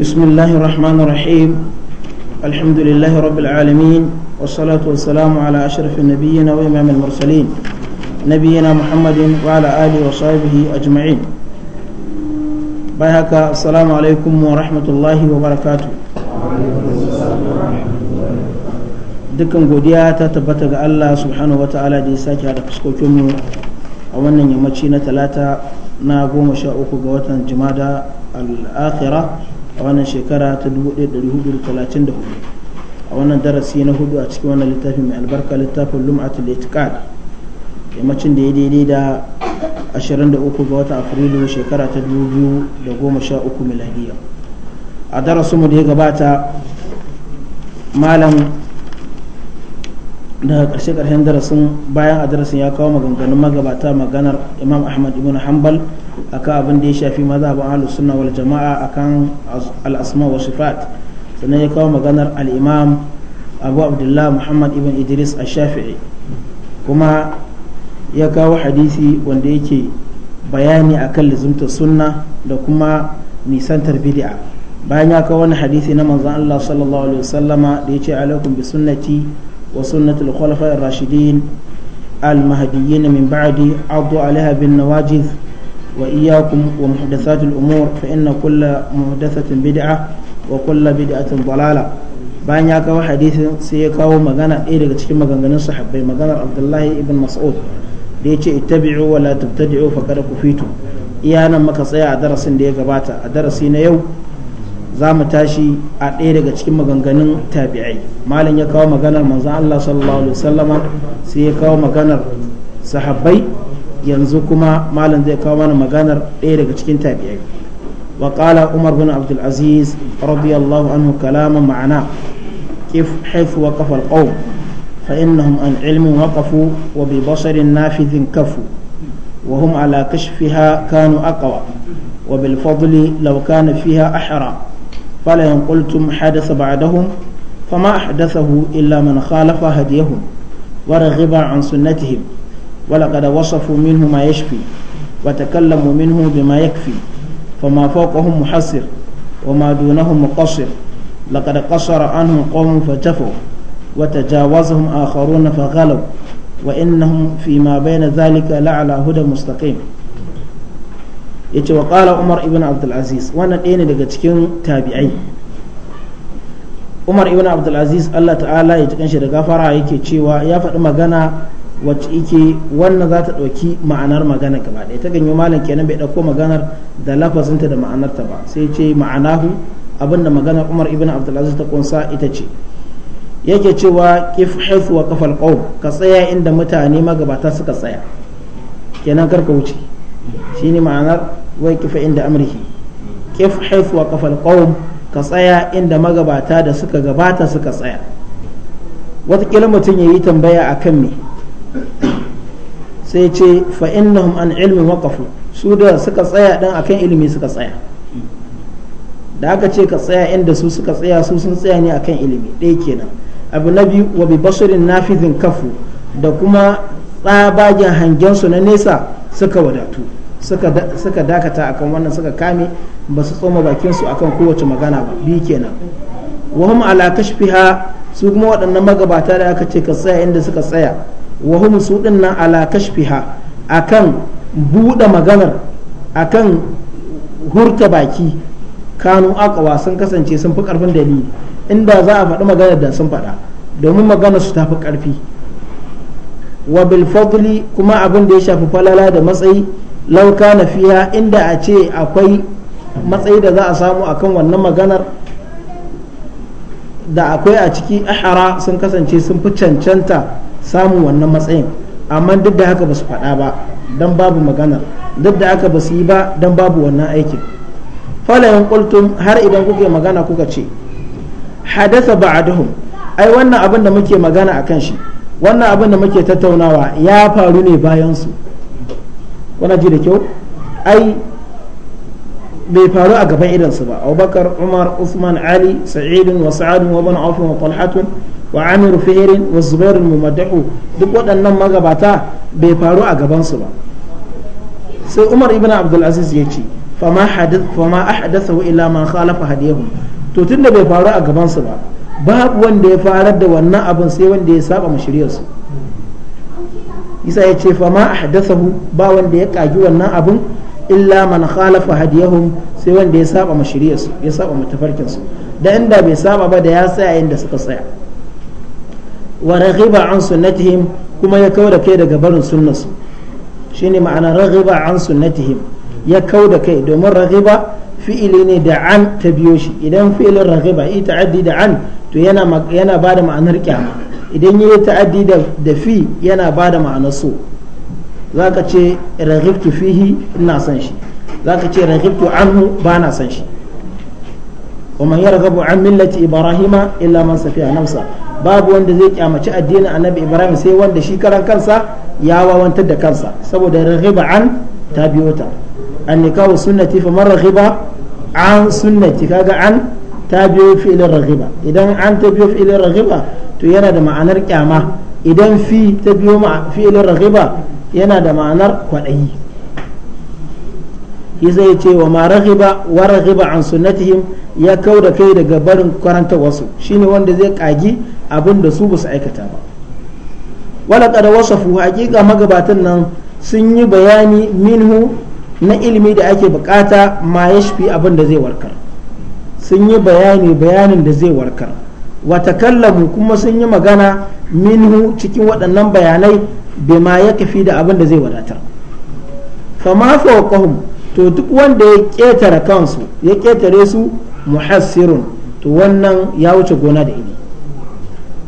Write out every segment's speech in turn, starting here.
بسم الله الرحمن الرحيم الحمد لله رب العالمين والصلاة والسلام على أشرف النبيين وإمام المرسلين نبينا محمد وعلى آله وصحبه أجمعين بيهك السلام عليكم ورحمة الله وبركاته dukkan godiya ta tabbata ga Allah subhanahu wa ta'ala da ya sake hada fuskokinmu a wannan yammaci na talata na goma sha uku ga watan jimada al'akhira a wannan shekara ta 1434 a wannan darasi na hudu a cikin wannan littafi mai albarka littafin lum'atul itiqad yammacin da ya daidai da 23 ga watan afrilu shekara ta 2013 miladiya a darasinmu da ya gabata malam daga karshe karshen darasin bayan a darasin ya kawo maganganun magabata maganar imam ahmad ibn hanbal akan abin da ya shafi mazhabin ahlus sunna wal jama'a akan al-asma wa sifat sannan ya kawo maganar al abu abdullah muhammad ibn idris a shafii kuma ya kawo hadisi wanda yake bayani akan lizumta sunna da kuma nisantar bid'a bayan ya kawo wani hadisi na manzon Allah sallallahu alaihi wasallama da yace alaikum bi sunnati وسنة الخلفاء الراشدين المهديين من بعدي عضوا عليها بالنواجذ وإياكم ومحدثات الأمور فإن كل محدثة بدعة وكل بدعة ضلالة bayan ya kawo hadisin sai ya kawo magana ɗaya daga cikin maganganun sahabbai maganar abdullahi ibn mas'ud da ya ce ittabi'u wa la kada ku fito iya muka tsaya a darasin da ya gabata a darasi na yau za mu tashi a ɗaya daga cikin maganganun tabi'ai malam ya kawo maganar manzon Allah sallallahu alaihi wasallama sai ya kawo maganar sahabbai yanzu kuma malam zai kawo mana maganar ɗaya daga cikin tabi'ai wa qala umar bin abdul aziz radiyallahu anhu kalaman ma'ana kif haifu wa kafa alqawm fa innahum an ilmin waqafu wa bi basarin nafidhin kafu wa hum ala kashfiha kanu aqwa وبالفضل لو كان فيها أحرى فلا إن قلتم حدث بعدهم فما أحدثه إلا من خالف هديهم ورغب عن سنتهم ولقد وصفوا منه ما يشفي وتكلموا منه بما يكفي فما فوقهم محصر وما دونهم مقصر لقد قصر عنهم قوم فجفوا وتجاوزهم آخرون فغلوا وإنهم فيما بين ذلك لعلى هدى مستقيم yace wa qala umar ibn abdul aziz wannan ɗaya ne daga cikin tabi'ai umar ibn abdul aziz Allah ta'ala ya ji shi da gafara yake cewa ya faɗi magana wacce yake wannan za ta ɗauki ma'anar magana gaba ɗaya ta ganyo malam kenan bai ɗauko maganar da lafazinta da ma'anarta ba sai ce ma'anahu abinda maganar umar ibn abdulaziz ta kunsa ita ce yake cewa kif haifu wa kafal qaum ka tsaya inda mutane magabata suka tsaya kenan karka wuce shi ne ma'anar wai kifa inda amrihi kif haythu kafal kawun ka tsaya inda magabata da suka gabata suka tsaya watakila mutum ya yi tambaya a kan me sai ce fa innahum an ilmin waqafu su da suka tsaya dan akan ilimi suka tsaya da aka ce ka tsaya inda su suka tsaya su sun tsaya ne akan ilimi ɗaya kenan abu na biyu wa bi basirin nafizin kafu da kuma tsabagen hangen su na nesa suka wadatu suka dakata akan wannan suka kame ba su tsoma bakinsu akan kowace magana ba bi kenan wahum ala kashfiha su kuma waɗannan magabata da aka ce ka tsaya inda suka tsaya wahum su ɗin nan ala kashfiha akan buɗe maganar akan hurta baki kanu akawa sun kasance sun fi ƙarfin dalili inda za a faɗi maganar da sun faɗa domin maganar su ta fi ƙarfi wa kuma abin da ya shafi falala da matsayi lauka na fiya inda a ce akwai matsayi da za a samu akan wannan maganar da akwai a ciki ahara sun kasance sun fi cancanta samun wannan matsayin amma duk da haka ba su faɗa ba don babu maganar duk da haka ba su yi ba don babu wannan aikin falayin kultum har idan kuke magana kuka ce hadasa ba'aduhum ai wannan abin da muke magana a kan shi wannan abin da muke tattaunawa ya faru ne bayan su wani ji da kyau ai bai faru a gaban idansu ba abubakar umar usman ali sa'idun wa sa'adun wa bani wa talhatun wa amiru fi'irin wa zubairun mumaddahu duk waɗannan magabata bai faru a gabansu ba sai umar ibn abdulaziz ya ce fama ahdathahu illa ma khalafa hadiyahum to tunda bai faru a gabansu ba babu wanda ya farar da wannan abin sai wanda ya saba mu shiryarsu su isa ya ce fama ahdathahu ba wanda ya kagi wannan abun illa man khalafa hadiyahum sai wanda ya saba mashriyarsu ya saba matafarkin su da inda bai saba ba da ya tsaya inda suka tsaya wa raghiba an sunnatihim kuma ya kauda kai daga barin sunnarsu shine ma'ana raghiba an sunnatihim ya kauda kai domin raghiba fi'ili ne da an ta biyo shi idan fi'ilin raghiba ita addi da an to yana yana bada ma'anar kyama idan ya yi ta'addi da fi yana ba da ma'anar so za ka ce raghibtu fihi ina son shi za ka ce raghibtu anhu ba na son shi ومن يرغب عن ملة إبراهيم إلا من سفيها نفسه babu wanda zai kyamaci addinin annabi ibrahim sai wanda shi karan kansa ya wawantar da kansa saboda raghiba an ta biyo ta an nikahu sunnati fa man raghiba an sunnati kaga an ta biyo ilin raghiba idan an ta biyo ilin raghiba to yana da ma'anar kyama idan fi ta biyo fi'ilin ragiba yana da ma'anar kwaɗayi shi zai ce wa ma ragiba wa ragiba an sunnatihim ya kau da kai daga barin karanta wasu shine wanda zai kagi abin da su basu aikata ba wala kada wasafu hakika magabatan nan sun yi bayani minhu na ilimi da ake bukata ma ya yashfi abin da zai warkar sun yi bayani bayanin da zai warkar wa kuma sun yi magana minhu cikin waɗannan bayanai bima ya kafi da abin da zai wadatar fama fawqahum to duk wanda ya ƙetare kansu ya ketare su muhassirun to wannan ya wuce gona da ini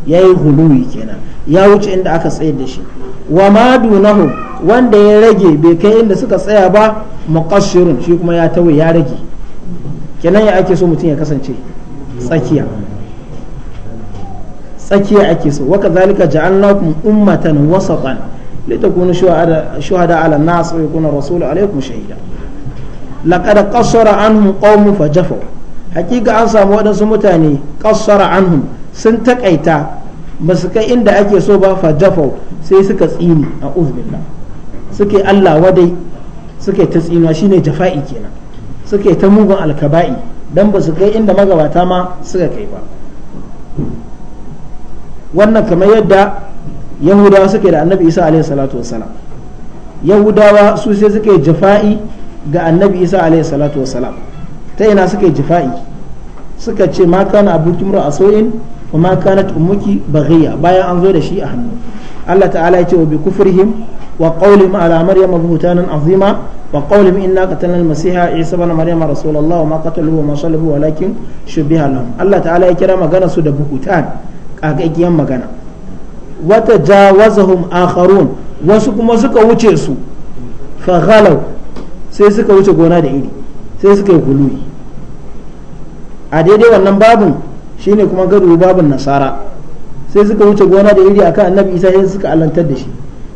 ya yi huluwi kenan ya wuce inda aka tsayar da shi wa ma dunahu wanda ya rage bai kai inda suka tsaya ba muqassirun shi kuma ya tawaye ya rage kenan ya ake so mutum ya kasance tsakiya tsakiya ake so waka zalika ja'alnakum ummatan wasatan litakunu shuhada ala nas wa yakuna rasul alaykum shahida laqad qassara anhum qaumun fajafu hakika an samu waɗansu mutane qassara anhum sun takaita ba su kai inda ake so ba fajafu sai suka tsini a uzbillah suke Allah wadai suke ta tsinuwa shine jafa'i kenan suke ta mugun alkaba'i dan ba su kai inda magabata ma suka kai ba wannan kamar yadda yahudawa suke da annabi isa alaihi salatu wassalam yahudawa su sai suke jifa'i ga annabi isa alaihi salatu wassalam ta ina suke jifa'i suka ce ma kana abokin a soyin wa ma kanat ummuki baghiya bayan an zo da shi a hannu Allah ta'ala ya ce wa bi kufrihim wa qawlihim ala maryam buhtanan azima wa qawlihim inna qatalna al-masiha isa ibn maryam rasulullah wa ma qataluhu wa ma walakin shubiha lahum Allah ta'ala ya kira magana su da buhutan kakakiyar magana wata ja jawazahum akharun wasu kuma suka wuce su faghalau sai suka wuce gona da iri sai suka yi guluyi a daidai wannan babin shine kuma gado babin nasara sai suka wuce gona da iri akan annabi isa sai suka alantar da shi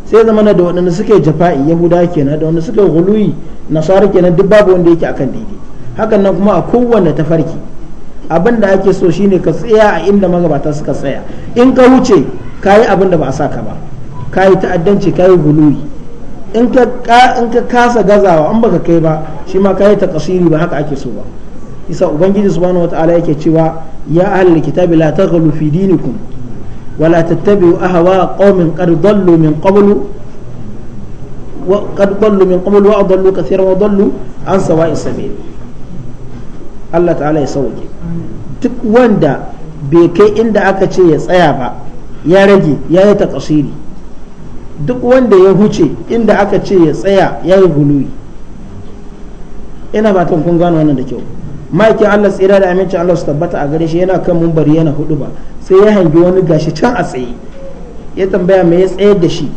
sai na da waɗanda suke jafa'i yahuda kenan da wanda suke huluyi nasara kenan duk babu wanda yake akan daidai hakan nan kuma a kowanne tafarki abin da ake so shine ka tsaya a inda magabata suka tsaya in ka wuce ka yi abin da ba a sa ka ba ka yi ta'addanci ka yi guluwi in ka kasa gazawa an baka kai ba shi ma ka yi ta takasiri ba haka ake so ba isa ubangiji subhanahu wataala yake cewa ya ahlul kitabi la taghlu fi dinikum ولا تتبعوا أهواء قوم قد ضلوا من قبل وقد wa من قبل وأضلوا كثيرا وضلوا عن سواء السبيل الله تعالى يسوي duk wanda bai kai inda aka ce ya tsaya ba ya rage ya yi takasiri duk wanda ya huce inda aka ce ya tsaya ya yi huluwi ina fatan kun wannan da kyau ma'aikin Allah tsira da amincin Allah su tabbata a gare shi yana kan mumbari yana hudu ba sai ya hangi wani gashi can a tsaye ya tambaya mai ya tsayar da shi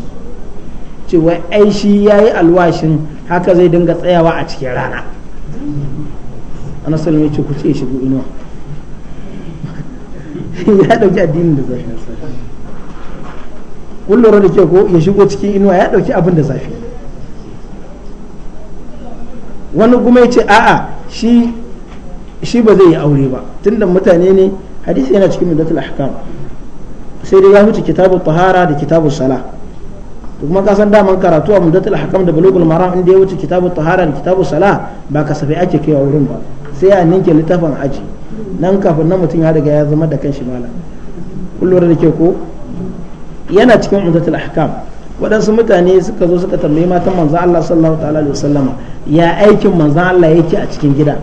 cewa ai shi ya yi alwashin haka zai dinga tsayawa a cikin rana anasalin ya ce ku ce shigo inuwa ya dauki addinin da zafi ko ya shigo cikin inuwa ya dauki abin da zafi wani kuma ya ce a'a shi shi ba zai yi aure ba tunda mutane ne hadisi yana cikin mudatul ahkam sai dai ya huce kitabu tahara da kitabu sala to kuma kasan daman karatu a mudatul ahkam da bulugul maram inda ya wuce kitabu tahara da kitabu sala ba kasafai ake kaiwa wurin ba sai a ninke littafin aji nan kafin na mutum ya riga ya zama da kanshi mala kullum da ke ko yana cikin umdatul ahkam waɗansu mutane suka zo suka tambayi matan manzan Allah sallallahu ta'ala alaihi wasallama ya aikin manzan Allah yake a cikin gida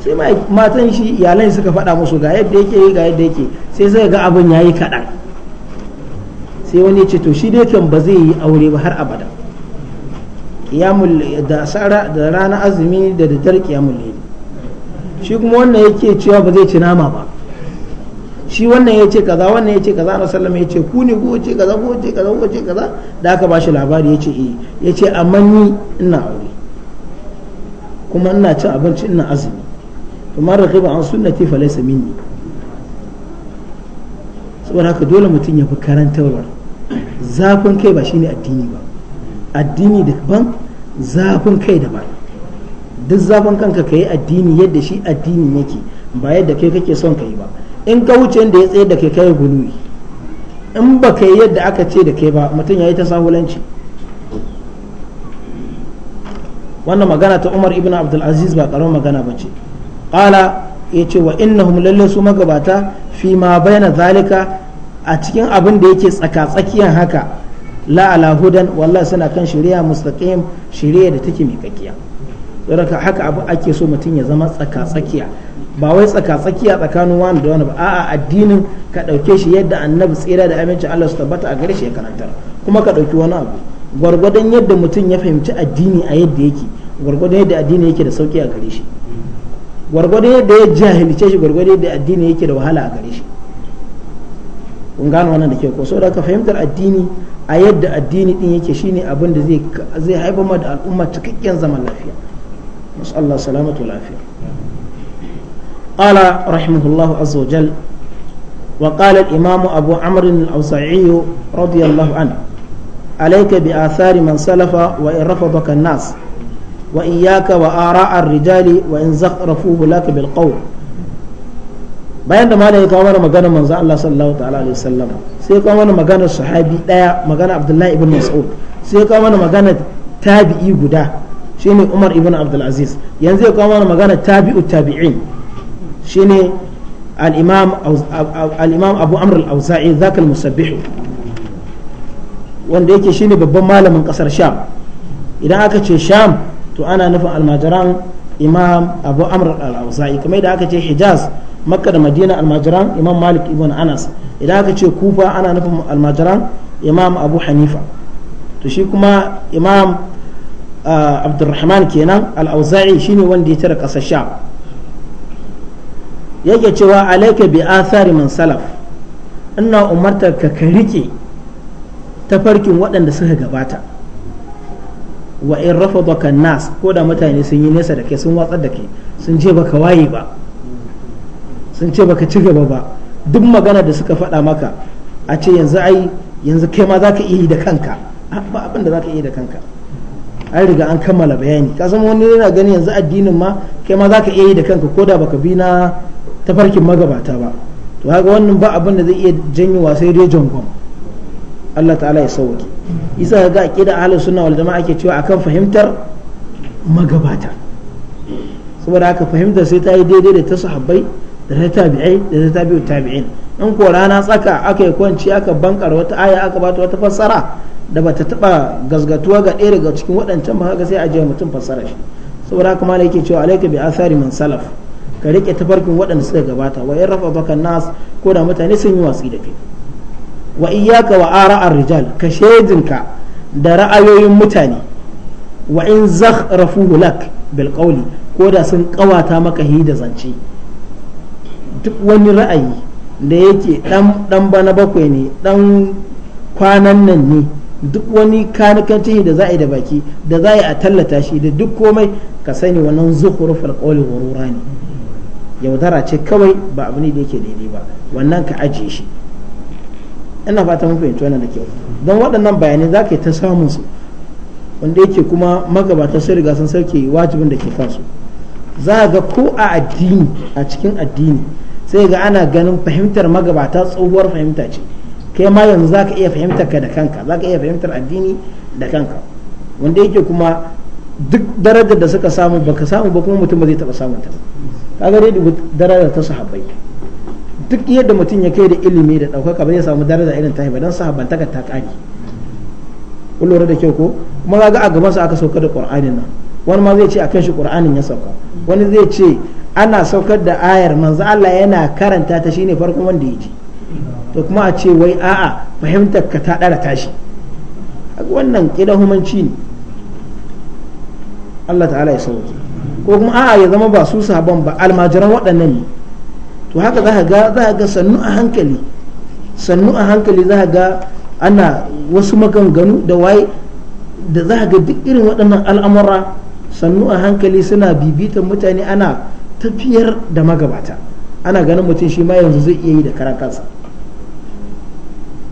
sai matan shi iyalan suka faɗa musu ga yadda yake ga yadda yake sai sai ga abin yayi kaɗan sai wani ce to shi dai kan ba zai yi aure ba har abada kiyamul da sara da rana azumi da daddare kiyamul layl shi kuma wannan yake cewa ba zai ci nama ba shi wannan ya ce kaza wannan ya ce kaza na sallama ya ce ku ko ce kaza ko ce kaza ko ce kaza da aka bashi labari ya ce eh ya ce amma ni ina aure kuma ina cin abinci ina azumi to man raqiba an sunnati fa laysa minni saboda haka dole mutum ya fi karantarwar zafin kai ba shine addini ba addini daban zafin kai daban duk zafin kanka ka yi addini yadda shi addini yake ba yadda kai kake son ka yi ba in ka wuce inda ya tsaye da kai kai gudu in ba ka yi yadda aka ce da kai ba mutum ya yi ta sahulanci wannan magana ta umar ibn abdulaziz ba karamin magana ba ce ƙala ya ce wa innahum lalle su magabata fi ma bayana zalika a cikin abin da yake tsaka-tsakiyan haka la ala hudan wallahi suna kan shari'a mustaqim shari'a da take kakkiya raka haka abu ake so mutum ya zama tsaka-tsakiya ba wai tsaka-tsakiya tsakanin wani da wani ba a'a addinin ka ɗauke shi yadda annabi tsira da aminci Allah su tabbata a gare shi ya karantar kuma ka ɗauki wani abu gwargwadon yadda mutum ya fahimci addini a yadda yake gwargwadon yadda addini yake da sauki a gare shi gwargwadon yadda ya jahilce shi gwargwadon yadda addini yake da wahala a gare shi kun gano wannan da ke ko saboda ka fahimtar addini a yadda addini din yake shine abin da zai haifar ma da al'umma cikakken zaman lafiya نسأل الله السلامة والعافية قال رحمه الله عز وجل وقال الإمام أبو عمرو الأوزاعي رضي الله عنه عليك بآثار من سلف وإن رفضك الناس وإياك وآراء الرجال وإن زخرفوه لك بالقول bayan da malai kawo mana magana manzo Allah sallallahu ta'ala alaihi wasallam sai kawo mana magana sahabi daya magana Abdullahi ibn Mas'ud sai kawo mana magana tabi'i guda shine Umar ibn Abdul Aziz yanzu ya kawo magana tabi'u tabi'in shine al-Imam Abu Amr al-Auza'i zakal musabbihu wanda yake shine babban malamin kasar Sham idan aka ce Sham to ana nufin almajiran Imam Abu Amr al-Auza'i kamar idan aka ce Hijaz Makka da Madina almajiran Imam Malik ibn Anas idan aka ce Kufa ana nufin almajiran Imam Abu Hanifa to shi kuma Imam abdurrahman kenan al-auza'i shine wanda ya tara ƙasar sha yake cewa alaika bi athari man salaf ina umarta ka ka rike farkin waɗanda suka gabata wa in baka nas ko da mutane sun yi nesa da kai sun watsar da kai sun ce baka waye ba sun ce baka ci gaba ba duk magana da suka faɗa maka a ce yanzu ai yanzu kai ma ka iya yi da kanka ba abin da ka iya yi da kanka an riga an kammala bayani ka san wani yana gani yanzu addinin ma kai ma zaka iya yi da kanka ko koda baka bi na tafarkin magabata ba to haka wannan ba abin da zai iya janyowa sai rejon gwam Allah ta'ala ya sauke isa ga aqida ahli sunna wal jama'a ake cewa akan fahimtar magabata saboda haka fahimtar sai ta yi daidai da ta sahabbai da ta tabi'ai da ta tabi'u tabi'in in ko rana tsaka aka yi kwanci aka bankar wata aya aka bata wata fassara da bata taba gazgatuwa ga ɗaya daga cikin waɗancan ba haka sai a jiya mutum fassara shi saboda haka malai yake cewa alaika bi asari man salaf ka rike tafarkin waɗanda suka gabata wa yarfa baka nas ko da mutane sun yi watsi da kai wa iyaka wa ara'ar rijal ka da ra'ayoyin mutane wa in zakhrafuhu lak bil qawli ko da sun kawata maka hi da zance duk wani ra'ayi da yake dan dan bana bakwai ne dan kwanan nan ne duk wani kanikanci da za a yi da baki da za a yi a tallata shi da duk komai ka sani wannan zuhuru falƙoli warura ne yaudara ce kawai ba abu ne da yake daidai ba wannan ka ajiye shi ina fata mun fahimci wannan da kyau don waɗannan bayanai za ka yi ta samun su wanda yake kuma magabata sai riga sun sauke wajibin da ke kansu za ga ko a addini a cikin addini sai ga ana ganin fahimtar magabata tsohuwar fahimta ce kai ma yanzu zaka iya fahimtar ka da kanka zaka iya fahimtar addini da kanka wanda yake kuma duk darajar da suka samu ba ka samu ba kuma mutum ba zai taba samun ta ga dai darajar ta sahabbai duk yadda mutum ya kai da ilimi da ɗaukaka ba zai samu daraja irin ta ba don sahabbantaka ta ƙari kun da kyau ko kuma ga a gaban sa aka sauka da qur'anin nan wani ma zai ce a kan shi qur'anin ya sauka wani zai ce ana saukar da ayar manzo Allah yana karanta ta shine farkon wanda ya ji to kuma a ce wai a'a fahimtar ka ta ɗara tashi wannan humanci ne Allah ta'ala ya sauke ko kuma a'a ya zama ba su sabon ba almajiran waɗannan ne to haka za ga za ga sannu a hankali sannu a hankali za ga ana wasu maganganu da waye da za ga duk irin waɗannan al'amura sannu a hankali suna bibitan mutane ana tafiyar da magabata ana ganin mutum shi ma yanzu zai iya yi da karakansa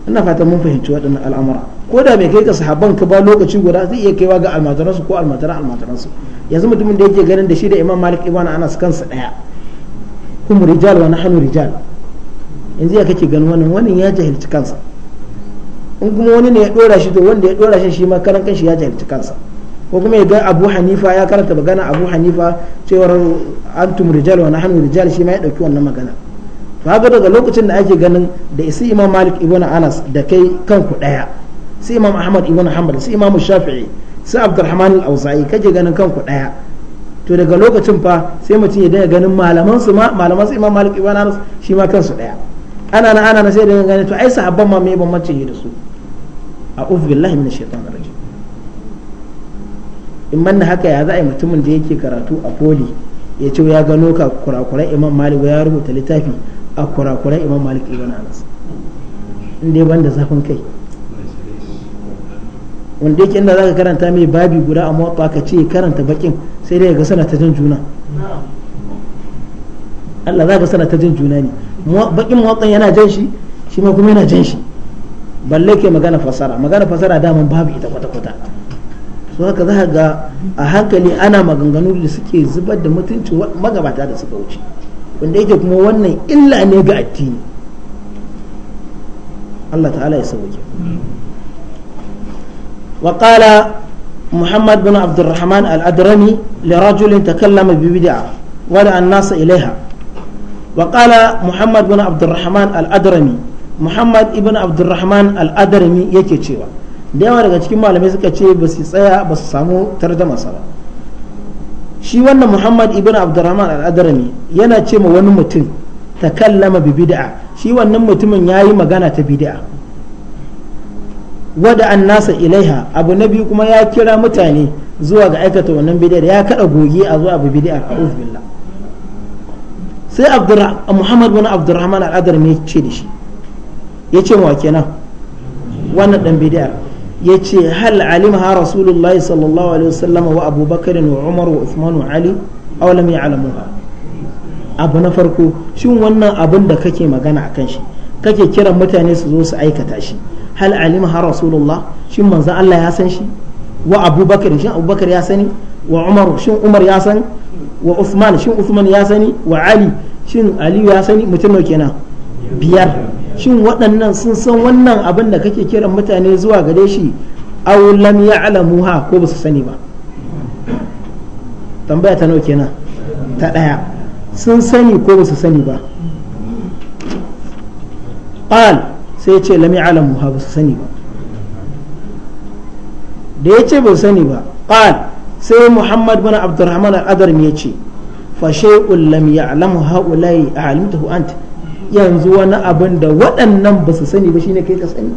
ina fatan mun fahimci waɗannan al'amura ko da bai kai ga sahabban ka ba lokaci guda zai iya kaiwa ga almajiransu ko almajiran almajiransu yanzu mutumin da yake ganin da shi da imam malik ibn anas kansa daya kuma rijal wa nahnu rijal yanzu ya kake ganin wannan wannan ya jahilci kansa in kuma wani ne ya dora shi to wanda ya dora shi shi ma karan kanshi ya jahilci kansa ko kuma ya ga abu hanifa ya karanta magana abu hanifa cewar antum rijal wa nahnu rijal shi ma ya dauki wannan magana to haka daga lokacin da ake ganin da isi imam malik ibn anas da kai kanku daya sai imam ahmad ibn hanbal sai imam shafi'i su abdurrahman al-auza'i kake ganin kanku daya to daga lokacin fa sai mutum ya daga ganin malaman su ma malaman su imam malik ibn anas shi ma kansu daya ana na ana na sai daga ganin to ai sahabban ma me ban mace da su a'udhu billahi minash shaitanir rajim in manna haka ya za a yi mutumin da yake karatu a poli ya ce ya gano ka kurakurai imam malik ya rubuta littafi a kurakuran imam malik ibn anas inda ban da zafin kai wanda yake inda zaka karanta mai babi guda a mawata ka ce karanta bakin sai dai ga sana ta jin juna Allah za ka sana ta jin juna ne bakin mawatan yana jan shi shi ma kuma yana jan shi balle ke magana fasara magana fasara daman babu ita kwata-kwata su haka za ga a hankali ana maganganu da suke zubar da mutuncin magabata da suka wuce wanda yake kuma wannan illa ne ga addini Allah ta'ala ya sauke wa ƙala muhammad bin abdurrahman al-adrami lirajulin takallama bibida wada an nasa ilaiha wa muhammad bin abdurrahman al-adrami muhammad ibn abdurrahman al-adrami yake cewa da yawa daga cikin malamai suka ce ba su tsaya ba su samu tarjama ba. shi wannan muhammad ibn abdurrahman al-adrami yana ce ma wani mutum ta kallama bi bid'a shi wannan mutumin ya yi magana ta bid'a wada an nasa ilaiha abu na biyu kuma ya kira mutane zuwa ga aikata wannan bid'ar ya kada gogi a zuwa abu bid'ar a'udhu billah sai muhammad bin abdurrahman al-adrami ya ce da shi ya ce wa kenan wannan dan bid'ar ya ce hal ha rasulullah sallallahu alaihi wasallam wa abubakar wa umar wa usman wa ali aw lam ya'lamuha abu na farko shin wannan abin da kake magana akan shi kake kiran mutane su zo su aikata shi hal ha rasulullah shin manzon Allah ya san shi wa abubakar shin abubakar ya sani wa umar shin umar ya san wa usman shin usman ya sani wa ali shin ali ya sani mutum nawa kenan biyar shin waɗannan sun san wannan abin da kake kiran mutane zuwa gare shi aw lam ya'lamuha ko ba su sani ba tambaya ta nauke kenan ta ɗaya sun sani ko ba su sani ba ƙal sai ce lam ya'lamuha ba su sani ba da ya ce ba su sani ba ƙal sai muhammad bin abdurrahman al-adarmi ya ce fa shay'un lam ya'lamu ha'ula'i a'lamtahu anta yanzu wani abin da waɗannan ba su sani ba shine kai ka sani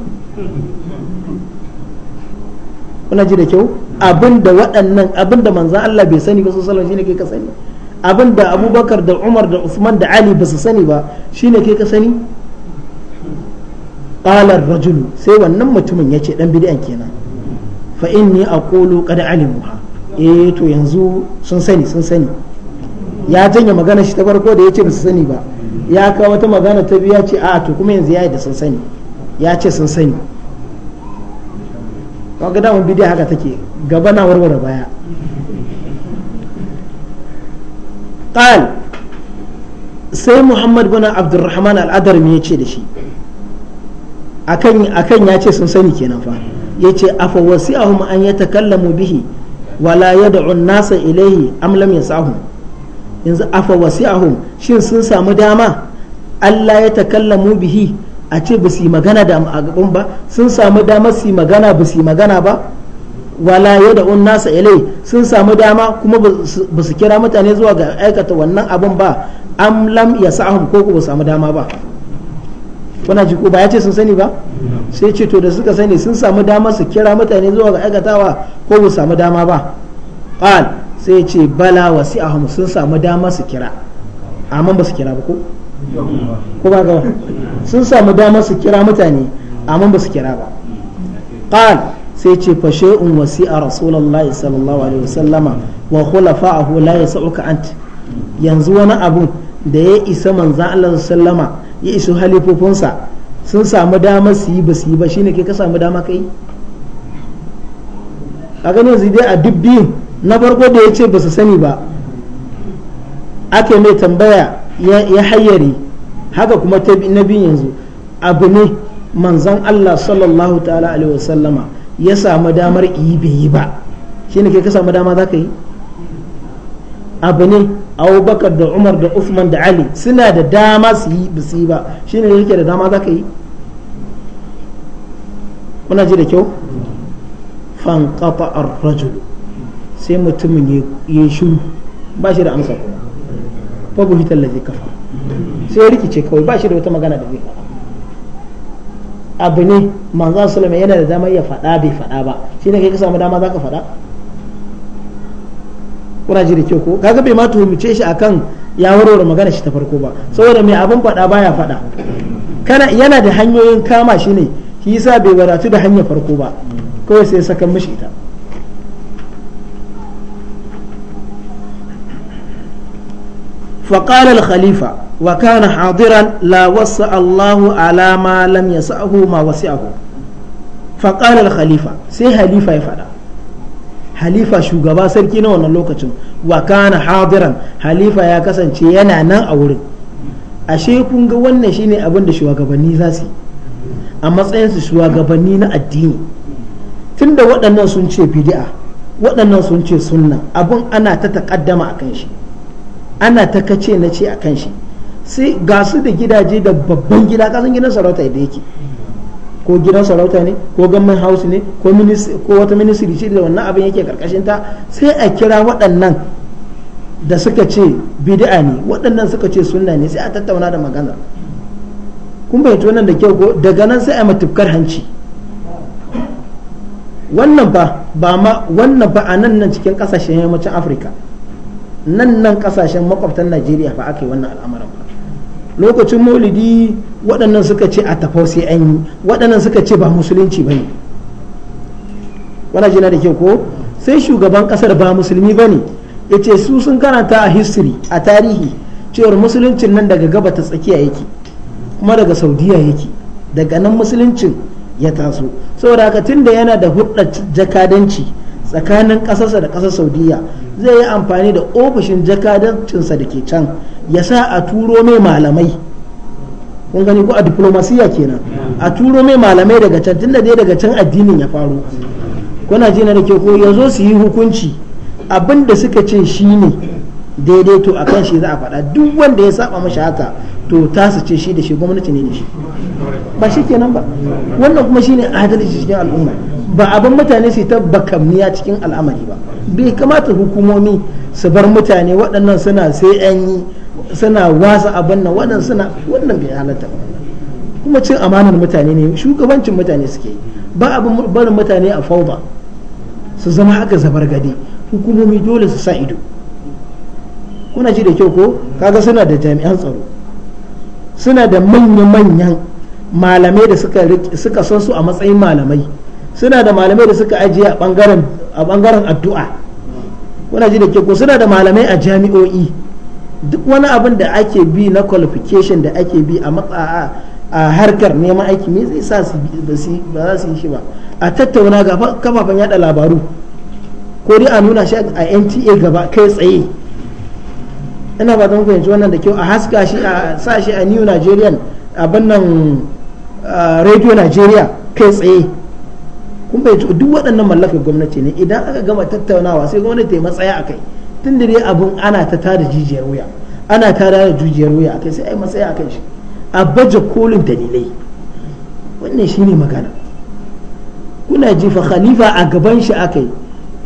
kuna ji da kyau abin da waɗannan abin da manzan Allah bai sani ba su sallan shine kai ka sani abin da abubakar da umar da usman da ali ba su sani ba shine kai ka sani ƙalar rajulu sai wannan mutumin ya ce ɗan bidiyan kenan fa inni aqulu qad alimuha eh to yanzu sun sani sun sani ya janye magana shi ta farko da yace ba su sani ba ya kawo wata magana ta biya ce a to kuma yanzu ya yi da sun sani ya ce sun sani ga damun bidiyo haka take gaba na warware baya ƙal sai muhammad bin abdurrahman al'adar mu ya ce da shi akan ya ce sun sani kenan fa ya ce afa wasi'ahum an mu bihi wala yadda an-nasa ilayhi am lam yanzu afa wasi'ahum shin sun samu dama Allah ya takallamu bihi a ce ba su magana da a gaban ba sun samu dama su magana ba su magana ba wala ya da nasa ilai sun samu dama kuma ba su kira mutane zuwa ga aikata wannan abin ba am lam ya sa'ahum ko ba samu dama ba kuna ji ko ba ya ce sun sani ba sai ce to da suka sani sun samu dama su kira mutane zuwa ga aikatawa ko ba samu dama ba sai ce bala wasi ahum sun samu dama su kira amma ba su kira ba ko ko ba ga sun samu dama su kira mutane amma ba su kira ba qal sai ce fa shay'un wasi'a rasulullahi sallallahu alaihi wasallama wa khulafa'ahu la yas'uka ant yanzu wani abu da ya isa manza Allah sallama ya isu halifofinsa sun samu dama su yi ba su yi ba shine ke ka samu dama kai a ganin yanzu dai a duk biyun na farko da ya ce ba su sani ba ake mai tambaya ya hayyari haka kuma na biyun yanzu abu ne manzan Allah sallallahu ta'ala alaihi wasallama ya samu damar yi bai yi ba ne ke ka samu dama za ka yi abu ne abubakar da umar da uthman da ali suna da dama su yi ba su yi ba shi ne ke da dama za ka yi kuna ji da kyau fanqata ar rajulu sai mutumin ya shiru ba shi da amsa kuma babu bu hitar lazi kafa sai ya rikice kawai ba shi da wata magana da zai faɗa abu ne manzan sulama yana da dama ya faɗa bai faɗa ba shi ne kai ka samu dama za ka faɗa kuna ji da kyau ko kaga bai ma tuhumce shi akan ya warware magana shi ta farko ba saboda mai abin faɗa baya faɗa kana yana da hanyoyin kama shi ne shi yasa bai wadatu da hanyar farko ba kawai sai sakan mishi ita فقال الخليفة وكان حاضرا لا وسع الله على ما لم يسعه ما وسعه فقال الخليفة سي خليفة يفعل خليفة شو غبا na وانا لوكتن وكان حاضرا خليفة يا كسن ينا نان أورن ashe kun ga wannan shine abin da shugabanni za su a matsayinsu shugabanni na addini tunda waɗannan sun ce bid'a waɗannan sun ce sunna abun ana ta taƙaddama a kan shi ana ta kace na ce a kan shi sai ga su da gidaje da babban gida kasan gidan sarauta da yake ko gidan sarauta ne ko gamman house ne ko ko wata ministry ce da wannan abin yake karkashin ta sai a kira waɗannan da suka ce bid'a ne waɗannan suka ce sunna ne sai a tattauna da magana kun bai wannan da kyau ko daga nan sai a matukar hanci wannan ba ba ma wannan ba a nan nan cikin kasashen yammacin afirka nan nan kasashen makwabtan najeriya ba aka yi wannan al'amarin ba lokacin maulidi waɗannan suka ce a tafau sai an yi waɗannan suka ce ba musulunci ba ne wani jina da kyau ko sai shugaban ƙasar ba musulmi ba ne ya ce su sun karanta a history a tarihi cewar musuluncin nan daga gaba ta tsakiya yake kuma daga saudiya yake daga nan musuluncin ya taso saboda haka tun da yana da hudar jakadanci tsakanin ƙasarsa da ƙasar saudiya zai yi amfani da ofishin jakadancinsa da ke can ya sa a turo mai malamai kun gani ko a diplomasiya kenan a turo mai malamai daga can tunda dai daga can addinin ya faro kuna ji na da ke ko ya zo su yi hukunci abin da suka ce shi ne daidai to a kan shi za a faɗa duk wanda ya saba mashi haka to ta su ce shi da shi gwamnati ne da shi ba shi kenan ba wannan kuma shine adalci cikin al'umma ba abin mutane su ta bakamniya cikin al'amari ba bai kamata hukumomi su bar mutane waɗannan suna sai an yi suna wasa abin nan waɗannan suna wannan bai halatta kuma cin amanar mutane ne shugabancin mutane suke ba abin barin mutane a fauda su zama haka zabar gadi hukumomi dole su sa ido kuna ji da kyau ko kaga suna da jami'an tsaro suna da manya-manyan malamai da suka san su a matsayin malamai suna da malamai da suka ajiye a bangaren a bangaren addu'a kuna ji da ke ko suna da malamai a jami'o'i duk wani abin da ake bi na qualification da ake bi a matsa'a a harkar neman aiki me zai sa su ba za su yi shi ba a tattauna ga kafafen yada labaru ko dai a nuna shi a NTA gaba kai tsaye ina ba zan yanzu wannan da kyau a haska shi a sa shi a New Nigerian abin nan Radio Nigeria kai tsaye kun bai duk waɗannan mallakar gwamnati ne idan aka gama tattaunawa sai gwamnati ya matsaya akai tun da dai abun ana ta tada jijiyar wuya ana ta da jijiyar wuya akai sai ai matsaya akan shi a baje kolin dalilai wannan shine magana kuna ji khalifa a gaban shi a kai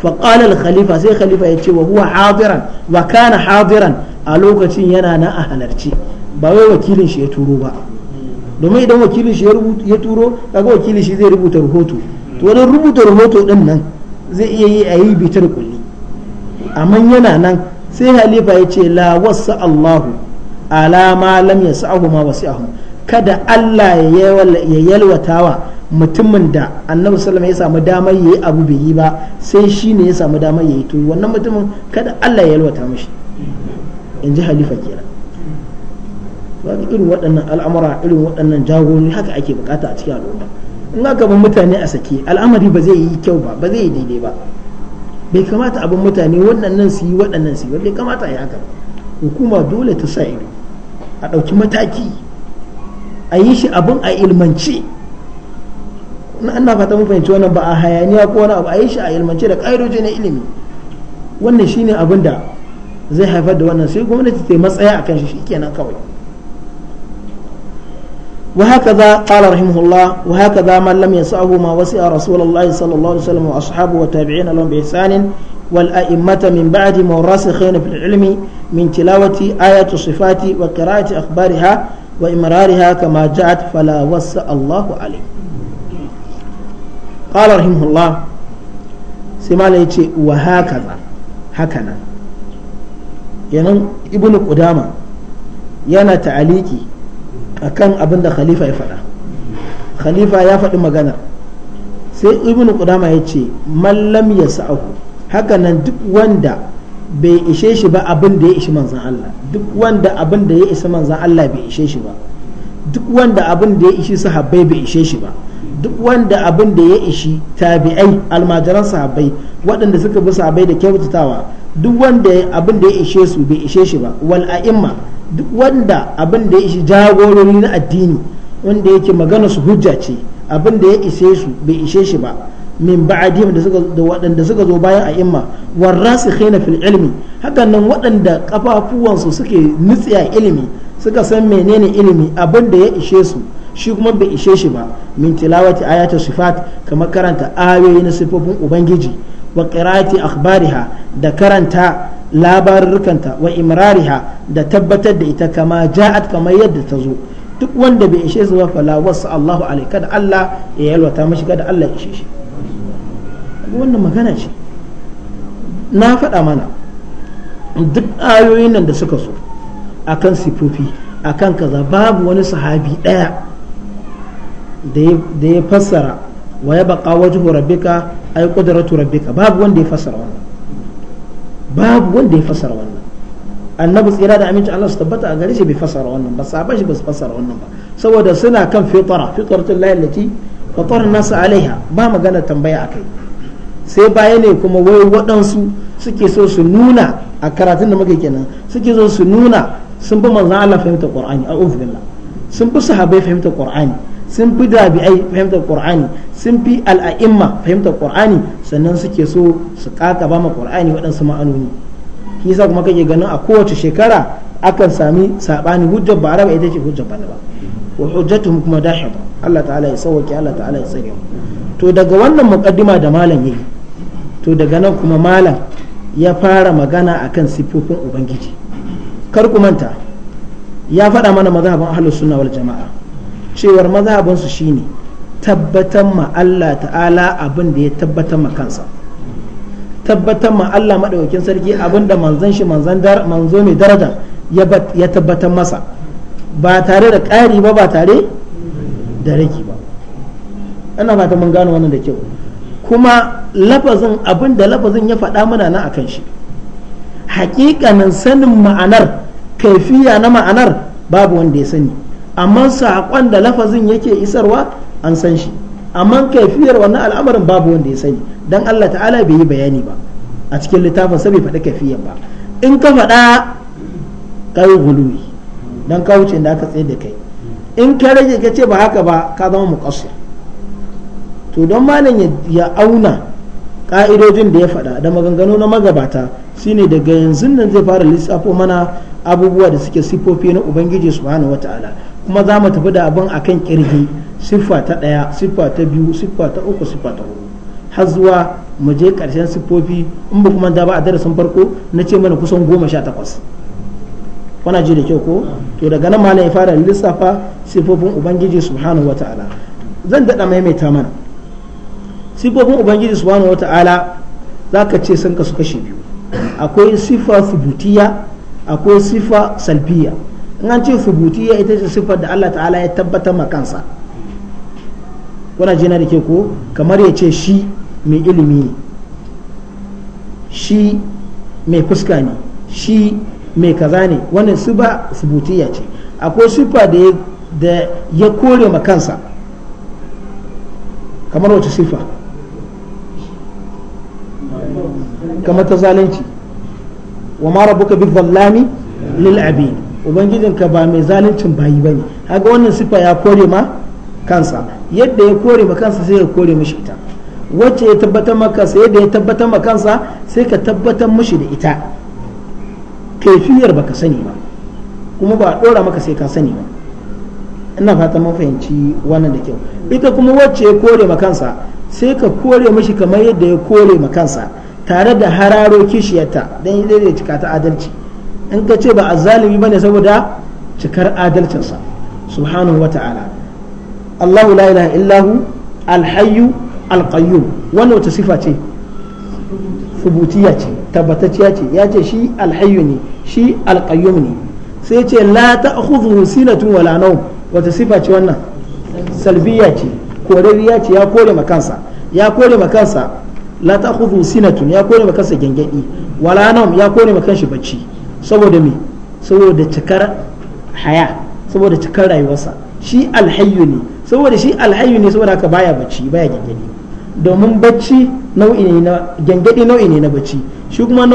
qala al khalifa sai khalifa ya ce wa huwa hadiran wa kana hadiran a lokacin yana na a halarci ba wai wakilin shi ya turo ba domin idan wakilin shi ya turo kaga wakilin shi zai rubuta rahoto to wani rubuta rahoto din nan zai iya yi a yi bitar kulli amma yana nan sai halifa ya ce la wasu Allahu ala ma lam sa'ahu ma wasu ahu kada Allah ya yalwatawa mutumin da annabi sallama ya samu damar yayi abu bai yi ba sai shi ne ya samu damar yayi to wannan mutumin kada Allah ya yalwata mashi in ji halifa kenan to irin waɗannan al'amura irin waɗannan jagorori haka ake bukata a cikin al'umma in aka bin mutane a sake al'amari ba zai yi kyau ba ba zai yi daidai ba bai kamata abin mutane waɗannan su yi waɗannan su yi ba bai kamata ya haka hukuma dole ta sa ido a ɗauki mataki a yi shi abin a ilmance ana fata mun fahimci wannan ba a hayaniya ko wani abu a yi shi a ilmance da ƙa'idoji na ilimi wannan shine abin da zai haifar da wannan sai gwamnati ta yi matsaya a kan shi kenan kawai وهكذا قال رحمه الله وهكذا من لم يسعه ما وسع رسول الله صلى الله عليه وسلم وأصحابه والتابعين لهم بإحسان والأئمة من بعدهم والراسخين في العلم من تلاوة آية الصفات وقراءة أخبارها وإمرارها كما جاءت فلا وسع الله عليه قال رحمه الله سمع ليتي وهكذا هكذا يعني ابن قدامة yana ta'aliki kan abin da khalifa ya faɗa khalifa ya faɗi magana sai ibnu qudama ya ce mallam ya sa'ahu hakanan duk wanda bai ishe shi ba abin da ya ishi manzan Allah duk wanda abin da ya isa manzan Allah bai ishe shi ba duk wanda abin da ya ishi sahabbai bai ishe shi ba duk wanda abin da ya ishi tabi'ai almajiran sahabbai waɗanda suka bi sahabbai da kyautatawa duk wanda abin da ya ishe su bai ishe shi ba wal a'imma duk wanda abin da ya ishi jagorori na addini wanda yake magana su hujja ce abin da ya ishe su bai ishe shi ba min ba da suka da waɗanda suka zo bayan a imma warasikhina fil ilmi hakan nan waɗanda kafafuwansu suke nutse a ilimi suka san menene ilimi abin da ya ishe su shi kuma bai ishe shi ba min tilawati ayatu sifat kamar karanta ayoyi na sifofin ubangiji wa qira'ati akhbariha da karanta labarurkanta wa imrariha da tabbatar da ita kama ja'at kamar yadda ta zo duk wanda bai ishe zuwa fala wasu Allahu alaihi kada Allah ya yalwata mashi kada Allah ya ishe shi wannan magana ce na faɗa mana duk ayoyin nan da suka so akan sifofi akan kaza babu wani sahabi ɗaya da ya fassara wa ya baqa wajhu rabbika ay qudratu rabbika babu wanda ya fassara wannan babu wanda ya fassara wannan annabi tsira da aminci Allah su tabbata a gare shi bai fassara wannan ba sa shi ba su fassara wannan ba saboda suna kan fitara fitratul lahi allati fatara nasu alaiha ba magana tambaya akai sai baya ne kuma wai waɗansu suke so su nuna a karatun da muke kenan suke so su nuna sun bi manzon Allah fahimtar Qur'ani a'udhu billah sun bi sahabbai fahimtar Qur'ani sun fi dabi'ai fahimtar qur'ani sun fi al'a'imma fahimtar qur'ani sannan suke so su kaka ba ma qur'ani waɗansu ma'anoni shi yasa kuma kake ganin a kowace shekara akan sami sabani hujjar ba araba ita ce hujjar bana ba wa hujjatuhum kuma ba Allah ta'ala ya sauke Allah ta'ala ya tsare to daga wannan muqaddima da malam yayi to daga nan kuma malam ya fara magana akan sifofin ubangiji kar ku manta ya faɗa mana mazhaban ahlus sunna wal jama'a cewar mazhabinsu shine tabbatar ma Allah ta'ala abin da ya tabbatar ma kansa tabbatar ma Allah maɗaukakin sarki abin da manzon shi manzo mai daraja ya tabbatar masa ba tare da ƙari ba ba tare da rage ba ana fata mun gano wannan da kyau kuma lafazin abin da lafazin ya faɗa mana na akan shi hakikanin sanin ma'anar kaifiya na ma'anar babu wanda ya sani amma saƙon da lafazin yake isarwa an san shi amma kaifiyar wannan al'amarin babu wanda ya sani don Allah ta'ala bai yi bayani ba a cikin littafin sa bai faɗi kaifiyar ba in ka faɗa kai guluwi don ka wuce da aka tsaye da kai in ka rage ka ce ba haka ba ka zama muqassir to don malam ya auna ka'idojin da ya faɗa da maganganu na magabata shine daga yanzu nan zai fara lissafo mana abubuwa da suke sifofi na ubangiji subhanahu wataala kuma za mu tafi da abin a kan kirgi siffa ta ɗaya siffa ta biyu siffa ta uku siffa ta hudu har zuwa mu je ƙarshen siffofi in ba kuma da ba a darasin farko na ce mana kusan goma sha takwas wana ji da kyau ko to daga nan malam ya fara lissafa siffofin ubangiji subhanahu wataala zan daɗa maimaita mana siffofin ubangiji subhanahu wataala za ka ce sun kasu kashe biyu akwai siffa subutiya akwai siffa salbiya nan ce ya ita ce siffar da Allah ta'ala ya tabbatar ma kansa kuna na da ke ko kamar ya ce shi mai ilimi ne shi mai fuska ne shi mai kaza ne wannan su ba ya ce akwai siffa da ya kore ma kansa kamar wace siffa kamar ta zalunci wa mara buka bi vallami lil ubangijinka ba mai zaluncin bayi bane haka wannan sifa ya kore ma kansa yadda ya kore ma kansa sai ya kore mishi ita wacce ya tabbatar ma kansa yadda ya tabbatar ma kansa sai ka tabbatar mishi da ita kaifiyar baka sani ba kuma ba a dora maka sai ka sani ba ina fata mun fahimci wannan da kyau ita kuma wacce ya kore ma kansa sai ka kore mishi kamar yadda ya kore ma kansa tare da hararo kishiyarta don ya cika ta adalci in ka ce ba ba ne saboda cikar adalcinsa subhanahu wa ta'ala Allahu la ilaha illahu alhayu alqayyum wannan wata sifa ce subutiya ce tabbatacciya ce ya ce shi alhayu ne shi alqayyum ne sai ce la ta'khudhuhu sinatun wala nawm wata sifa ce wannan salbiya ce korariya ce ya kore makansa ya kore makansa la ta'khudhuhu sinatun ya kore makansa gengedi wala nawm ya kore makanshi bacci saboda me saboda cikar haya saboda cikar rayuwarsa shi alhayyu ne saboda shi alhayyu ne saboda haka baya bacci baya gyangyadi domin bacci nau'i ne na gyangyadi nau'i ne na bacci shi kuma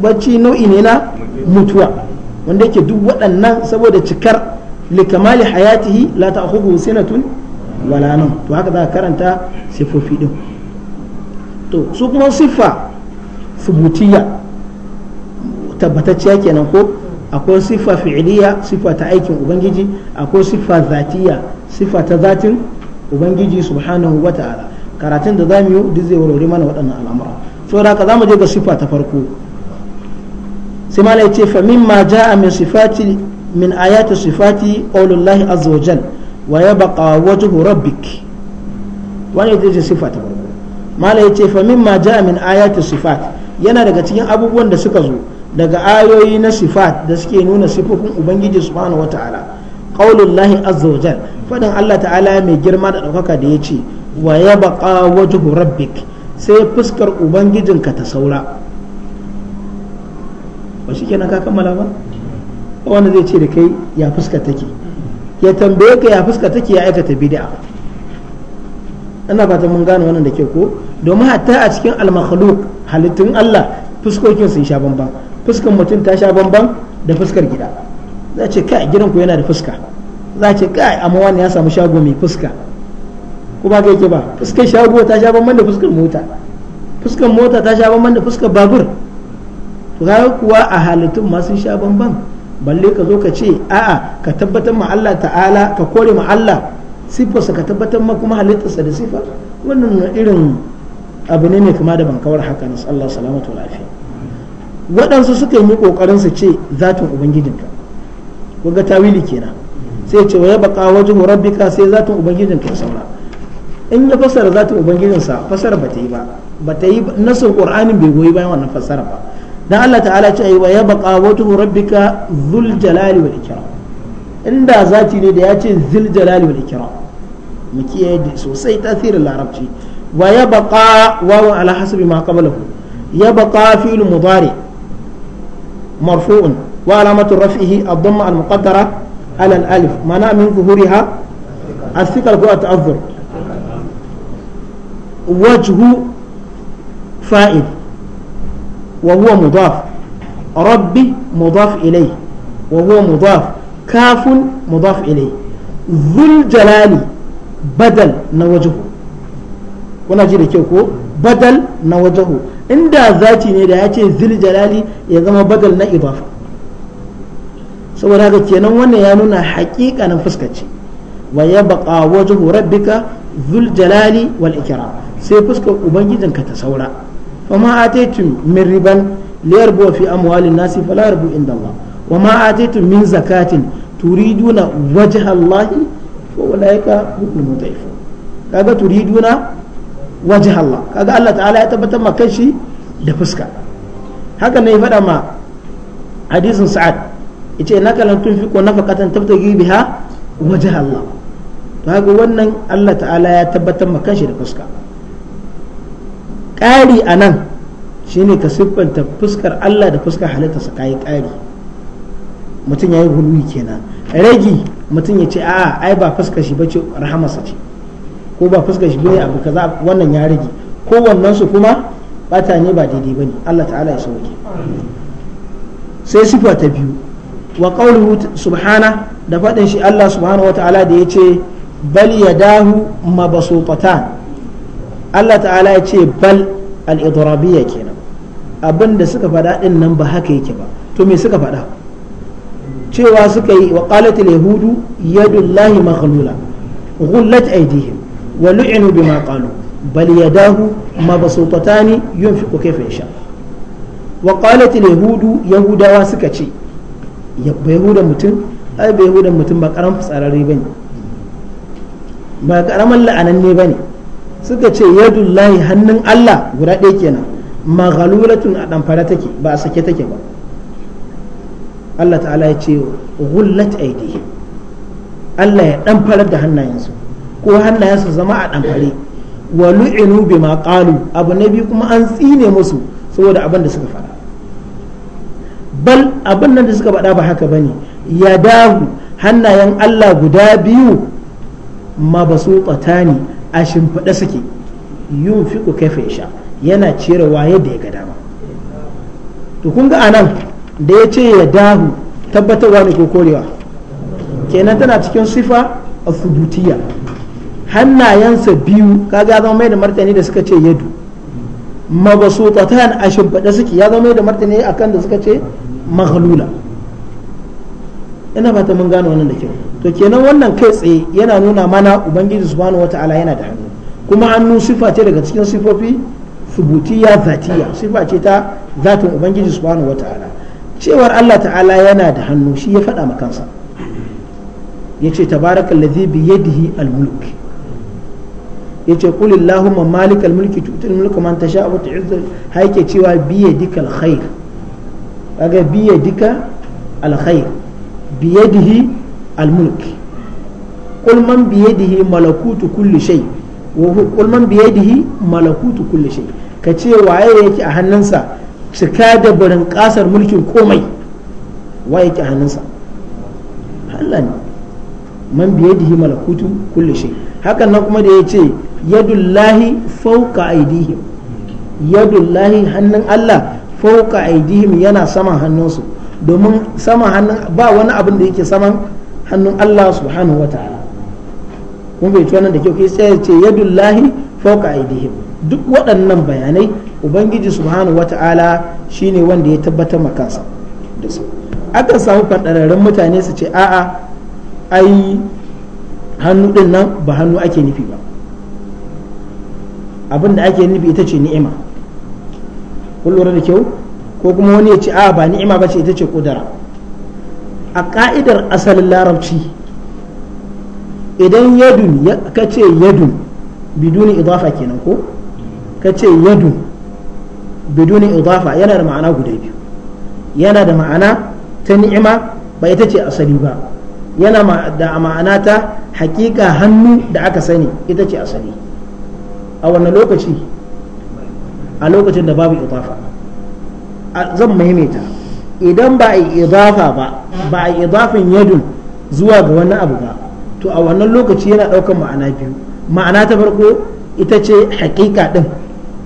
bacci nau'i ne na mutuwa wanda yake duk waɗannan saboda cikar likamali hayatihi la ta'khudhu sinatun wala nawm to haka za ka karanta sifofi din to su kuma siffa subutiyya tabbatacciya kenan ko akwai siffa fi'iliya siffa ta aikin ubangiji akwai siffa zatiya siffa ta zatin ubangiji subhanahu wa ta'ala karatun da zamu yi duk zai warware mana waɗannan al'amura saboda haka zamu je ga siffa ta farko sai ma ce fa mimma ja'a min sifati min ayati sifati qaulullahi azza wa jal wa yabqa wajhu rabbik wani da ce siffa ta farko malai ce fa mimma ja'a min ayati sifati yana daga cikin abubuwan da suka zo daga ayoyi na sifat da suke nuna sifofin ubangiji subhanahu wata'ala qaulul lahi azza wa jal fadan Allah ta'ala mai girma da daukaka da yace wa yabqa wajhu rabbik sai fuskar ubangijinka ta saura ba kenan ka kammala ba wanda zai ce da kai ya fuska take ya tambaye ka ya fuska take ya aikata bid'a ina fatan mun gane wannan da ke ko domin hatta a cikin al-makhluq halittun Allah fuskokin sun sha bambam fuskan mutum ta sha bamban da fuskar gida za ce kai gidan ku yana da fuska za ce kai amma wani ya samu shago mai fuska ko ba kai ke ba fuskar shago ta sha bamban da fuskar mota fuskar mota ta sha bamban da fuskar babur to ga kuwa a halittun ma sun sha bamban balle ka zo ka ce a'a ka tabbatar ma Allah ta'ala ka kore ma Allah siffarsa ka tabbatar ma kuma halittarsa da siffa wannan irin abu ne mai kama da bankawar haka na Allah salamatu lafiya waɗansu suka yi ƙoƙarin su ce zatin ubangijinka ga tawili kenan sai ce wa ya baka wajen rabbika sai zatin ubangijinka ya saura in ya fasara zatin ubangijinsa fasara ba ta yi ba ba ta yi nasin qur'anin bai goyi bayan wannan fasara ba dan Allah ta'ala ce ayi wa ya baka wajen rabbika zul jalali wal ikram inda zati ne da ya ce zul jalali wal ikram mu kiyaye sosai tasirin larabci wa ya baka wawan ala hasabi ma qablahu ya baka fi'il mudari' مرفوع وعلامة رفعه الضمة المقدرة على الألف منع من ظهورها الثقل هو التأثر وجه فائد وهو مضاف ربي مضاف إليه وهو مضاف كاف مضاف إليه ذو الجلال بدل نوجه ونجي لكيوكو بدل نوجه inda zati ne da ya ce zil ya zama badal na ibafa saboda haka kenan wannan ya nuna haƙiƙanin fuskaci wa ya baka wajen rabbika zul jalali wal ikram sai fuskar ka ta saura fa ma ataitum min riban liyarbu fi amwalin nasi fala yarbu inda Allah wa ma ataitum min zakatin turiduna wajha Allah fa ulaika kaga turiduna Wajen Allah kaga Allah ta'ala ya tabbatar ma shi da fuska haka ne ya faɗa ma hadisin sa'ad yace naka lan tunfiqu nafaqatan tabtagi biha wajen Allah to haka wannan Allah ta'ala ya tabbatar ma shi da fuska ƙari a nan shine ka siffanta fuskar Allah da fuskar halittarsa kayi ƙari mutum ya yi hulwi kenan ragi mutum ya ce a ai ba fuskar shi bace rahamarsa ce ko ba fuskar shi bane abu kaza wannan ya rage kowannen su kuma bata ne ba daidai bane Allah ta'ala ya sauke sai sifa ta biyu wa qawluhu subhana da fadin shi Allah subhanahu wata'ala da yace bal yadahu mabsutatan Allah ta'ala ya ce bal al-idrabiyya kenan abinda suka faɗa din nan ba haka yake ba to me suka faɗa cewa suka yi wa qalat al-yahudu yadullahi maghlula ghullat aydihim wa lu'inu bima qalu bal yadahu mabsutatani yunfiqu kayfa yasha wa qalat al yahudu yahudawa suka ce yabba yahuda mutum ai ba yahuda mutum ba karam tsararre bane ba karaman la'ananne bane suka ce yadullahi hannun Allah guda ɗaya kenan maghalulatun a ɗamfara take ba a sake take ba Allah ta'ala ya ce gullat aidihim Allah ya ɗan farar da hannayensu ko su zama a ɗamfare wa lu'inu ma qalu abu na biyu kuma an tsine musu saboda abin da suka faɗa bal abin nan da suka faɗa ba haka bane ya dahu hannayen Allah guda biyu ma ba su ne a shimfiɗa suke yun fi ku kaifa sha yana cirewa yadda ya ga dama to kun ga anan da ya ce ya dahu tabbatarwa ne ko korewa kenan tana cikin sifa a subutiya hannayensa biyu kaga zama mai da martani da suka ce yadu mabasutatan a shimfiɗe suke ya zama mai da martani akan da suka ce maghlula ina fata mun gano wannan da kyau to kenan wannan kai tsaye yana nuna mana ubangiji subhanahu wata'ala yana da hannu kuma hannu sifa ce daga cikin sifofi subutiya zatiya sifa ce ta zatin ubangiji subhanahu wata'ala cewar Allah ta'ala yana da hannu shi ya faɗa ma kansa yace tabarakallazi bi yadihi al-mulk yace qul allahumma malikal mulki tu'til mulka man tasha wa tu'izzu haike cewa biye dika alkhair kaga biye dika alkhair biyadihi almulk qul man biyadihi malakutu kulli shay wa qul man biyadihi malakutu kulli shay ka ce waye yake a hannunsa cika da barin kasar mulkin komai waye yake a hannunsa Allah ne man biyadihi malakutu kulli shay hakan nan kuma da ya ce yadullahi fauka aidihim yadullahi hannun Allah fauka aidihim yana saman hannunsu domin saman hannun ba wani abin da yake saman hannun Allah subhanahu wa ta'ala kun bai nan da kyau kai sai ce yadullahi fauka aidihim duk waɗannan bayanai ubangiji subhanahu wa ta'ala ne wanda ya tabbatar makansa da su akan samu fadararren mutane su ce a'a ai hannu din nan ba hannu ake nufi ba abin da ake nufi ita ce ni'ima kun da kyau ko kuma wani ya ce a ba ni'ima ba ce ita ce kudara a ka'idar asalin larabci idan yadun ka ce yadun biduni idafa kenan ko ka ce yadun biduni idafa yana da ma'ana guda biyu yana da ma'ana ta ni'ima ba ita ce asali ba yana da ma'ana ta hakika hannu da aka sani ita ce asali a wannan lokaci a lokacin da babu idafa zan maimaita idan ba a idafa ba ba a idafin yadun zuwa ga wani abu ba to a wannan lokaci yana ɗaukar ma'ana biyu ma'ana ta farko ita ce haƙiƙa ɗin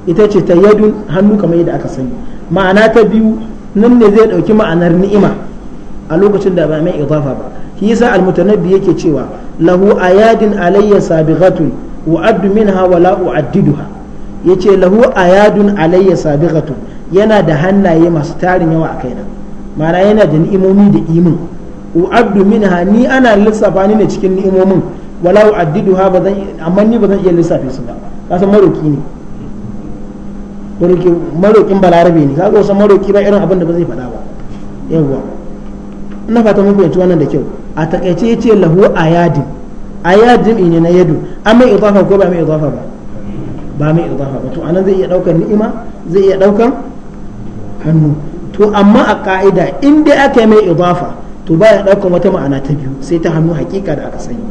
ita ce ta yadun hannu kamar yadda aka sani ma'ana ta biyu nan ne zai ɗauki ma'anar ni'ima a lokacin da ba mai idafa ba shi yasa almutanabbi yake cewa lahu ayadin alayya sabighatun u'addu minha wa la u'addiduha yace lahu ayadun alayya sabiqatun yana da hannaye masu tarin yawa a kaina ma'ana yana da ni'imomi da imin u'addu minha ni ana lissafa ni ne cikin ni'imomin wala u'addiduha ba zan amma ni ba zan iya lissafe su ba kasa maroki ne marokin balarabe ne kaga wasu maroki ba irin abin da ba zai faɗa ba yawwa ina fata mun fahimci wannan da kyau a takaice yace lahu ayadin a ya jim'i ne na yadu an idafa ko ba mai idafa ba ba mai idafa ba to anan zai iya daukar ni'ima zai iya daukar hannu to amma a ka'ida in dai aka yi mai idafa to ba ya wata ma'ana ta biyu sai ta hannu hakika da aka sani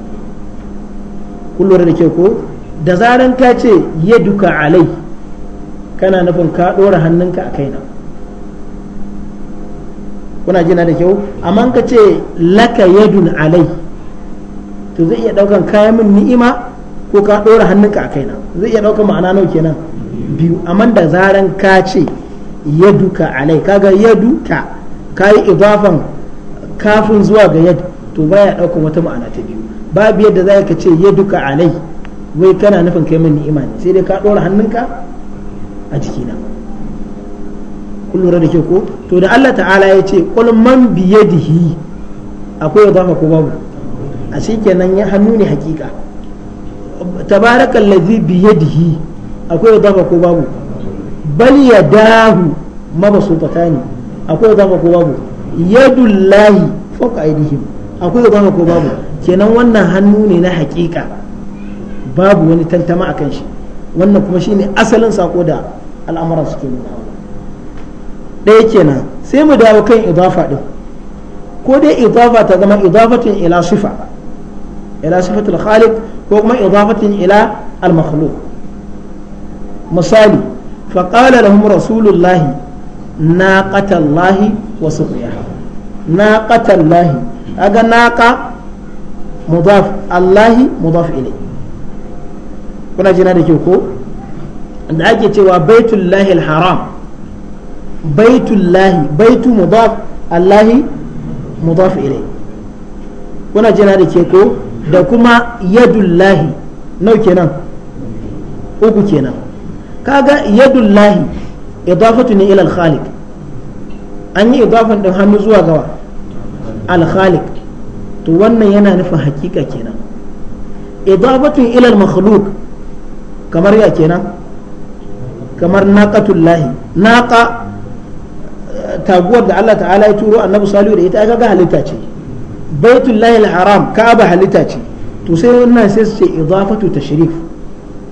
kun da ke ko da zaran ka ce yaduka alai kana nufin ka dora hannunka a kaina kuna jina da kyau amma ka ce laka yadun alai to zai iya daukan kayan min ni'ima ko ka dora hannunka a kaina zai iya daukan ma'ana nau kenan biyu amma da zaran ka ce yaduka alai kaga yaduka kai idafan kafin zuwa ga yad to baya daukan wata ma'ana ta biyu babu yadda za ka ce yaduka alai wai kana nufin kai min ni'ima ne sai dai ka dora hannunka a jikina kun lura da ke ko to da Allah ta'ala ya ce kul man biyadihi akwai idafa ko babu a shi kenan ya hannu ne hakika tabarakan lazi biyadihi akwai idafa ko babu bal ya dahu mabasutata ne akwai idafa ko babu yadullahi fawqa aydihim akwai idafa ko babu kenan wannan hannu ne na hakika babu wani tantama a kan shi wannan kuma shine asalin sako da al'amuran suke nuna ɗaya kenan sai mu dawo kan idafa din ko dai idafa ta zama idafatun ila sufa ila sifatul khaliq ko kuma idafatin ila al makhluq misali fa qala lahum rasulullahi naqatallahi wa suqiyaha naqatallahi aga naqa mudaf allahi mudaf kuna jina da kyau ko da ake cewa baitullahi haram baitullahi baitu mudaf allahi mudaf ilai kuna jina da ke ko da kuma yadullahi nau kenan uku kenan kaga yadullahi idafatu ne ila al-khaliq an yi idafan din hannu zuwa gawa al-khaliq to wannan yana nufin hakika kenan idafatu ila al-makhluq kamar ya kenan kamar naqatullahi naqa eh, taguwar da Allah ta'ala ya turo annabi salihu da ita ga halitta ce baitullahi haram ka'aba halitta ce to sai wannan sai su ce idafatu tashrif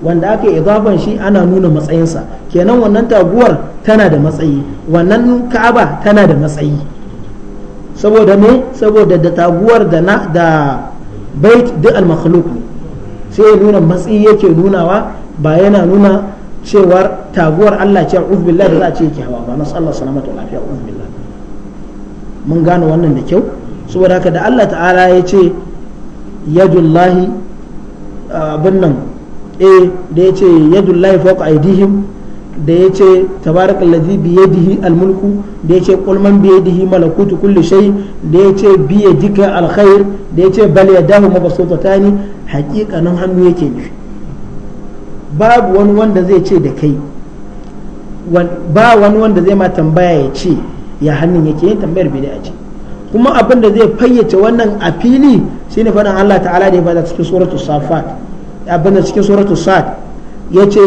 wanda aka yi idafan shi ana nuna matsayinsa kenan wannan taguwar tana da matsayi wannan ka'aba tana da matsayi saboda me saboda da taguwar da na da bait duk al-makhluq ne sai ya nuna matsayi yake nunawa ba yana nuna cewar taguwar Allah ce a'udhu billahi da za a ce yake hawa ba nasallahu salamatu wa lafiya a'udhu billahi mun gane wannan da kyau saboda haka da Allah ta'ala ya ce yadullahi abin nan eh da ya ce yadullahi fauk aidihim da ya ce tabarakal ladhi bi yadihi almulku da ya ce qul bi malakutu kulli shay da ya ce bi yadika alkhair da ya ce bal yadahu mabsutatani nan hannu yake nufi babu wani wanda zai ce da kai ba wani wanda zai ma tambaya ya ce ya hannun yake yin tambayar a ce kuma abin da zai fayyace wannan a fili shine faɗin Allah ta'ala da ya faɗa cikin suratul safat abin da cikin suratul sad yace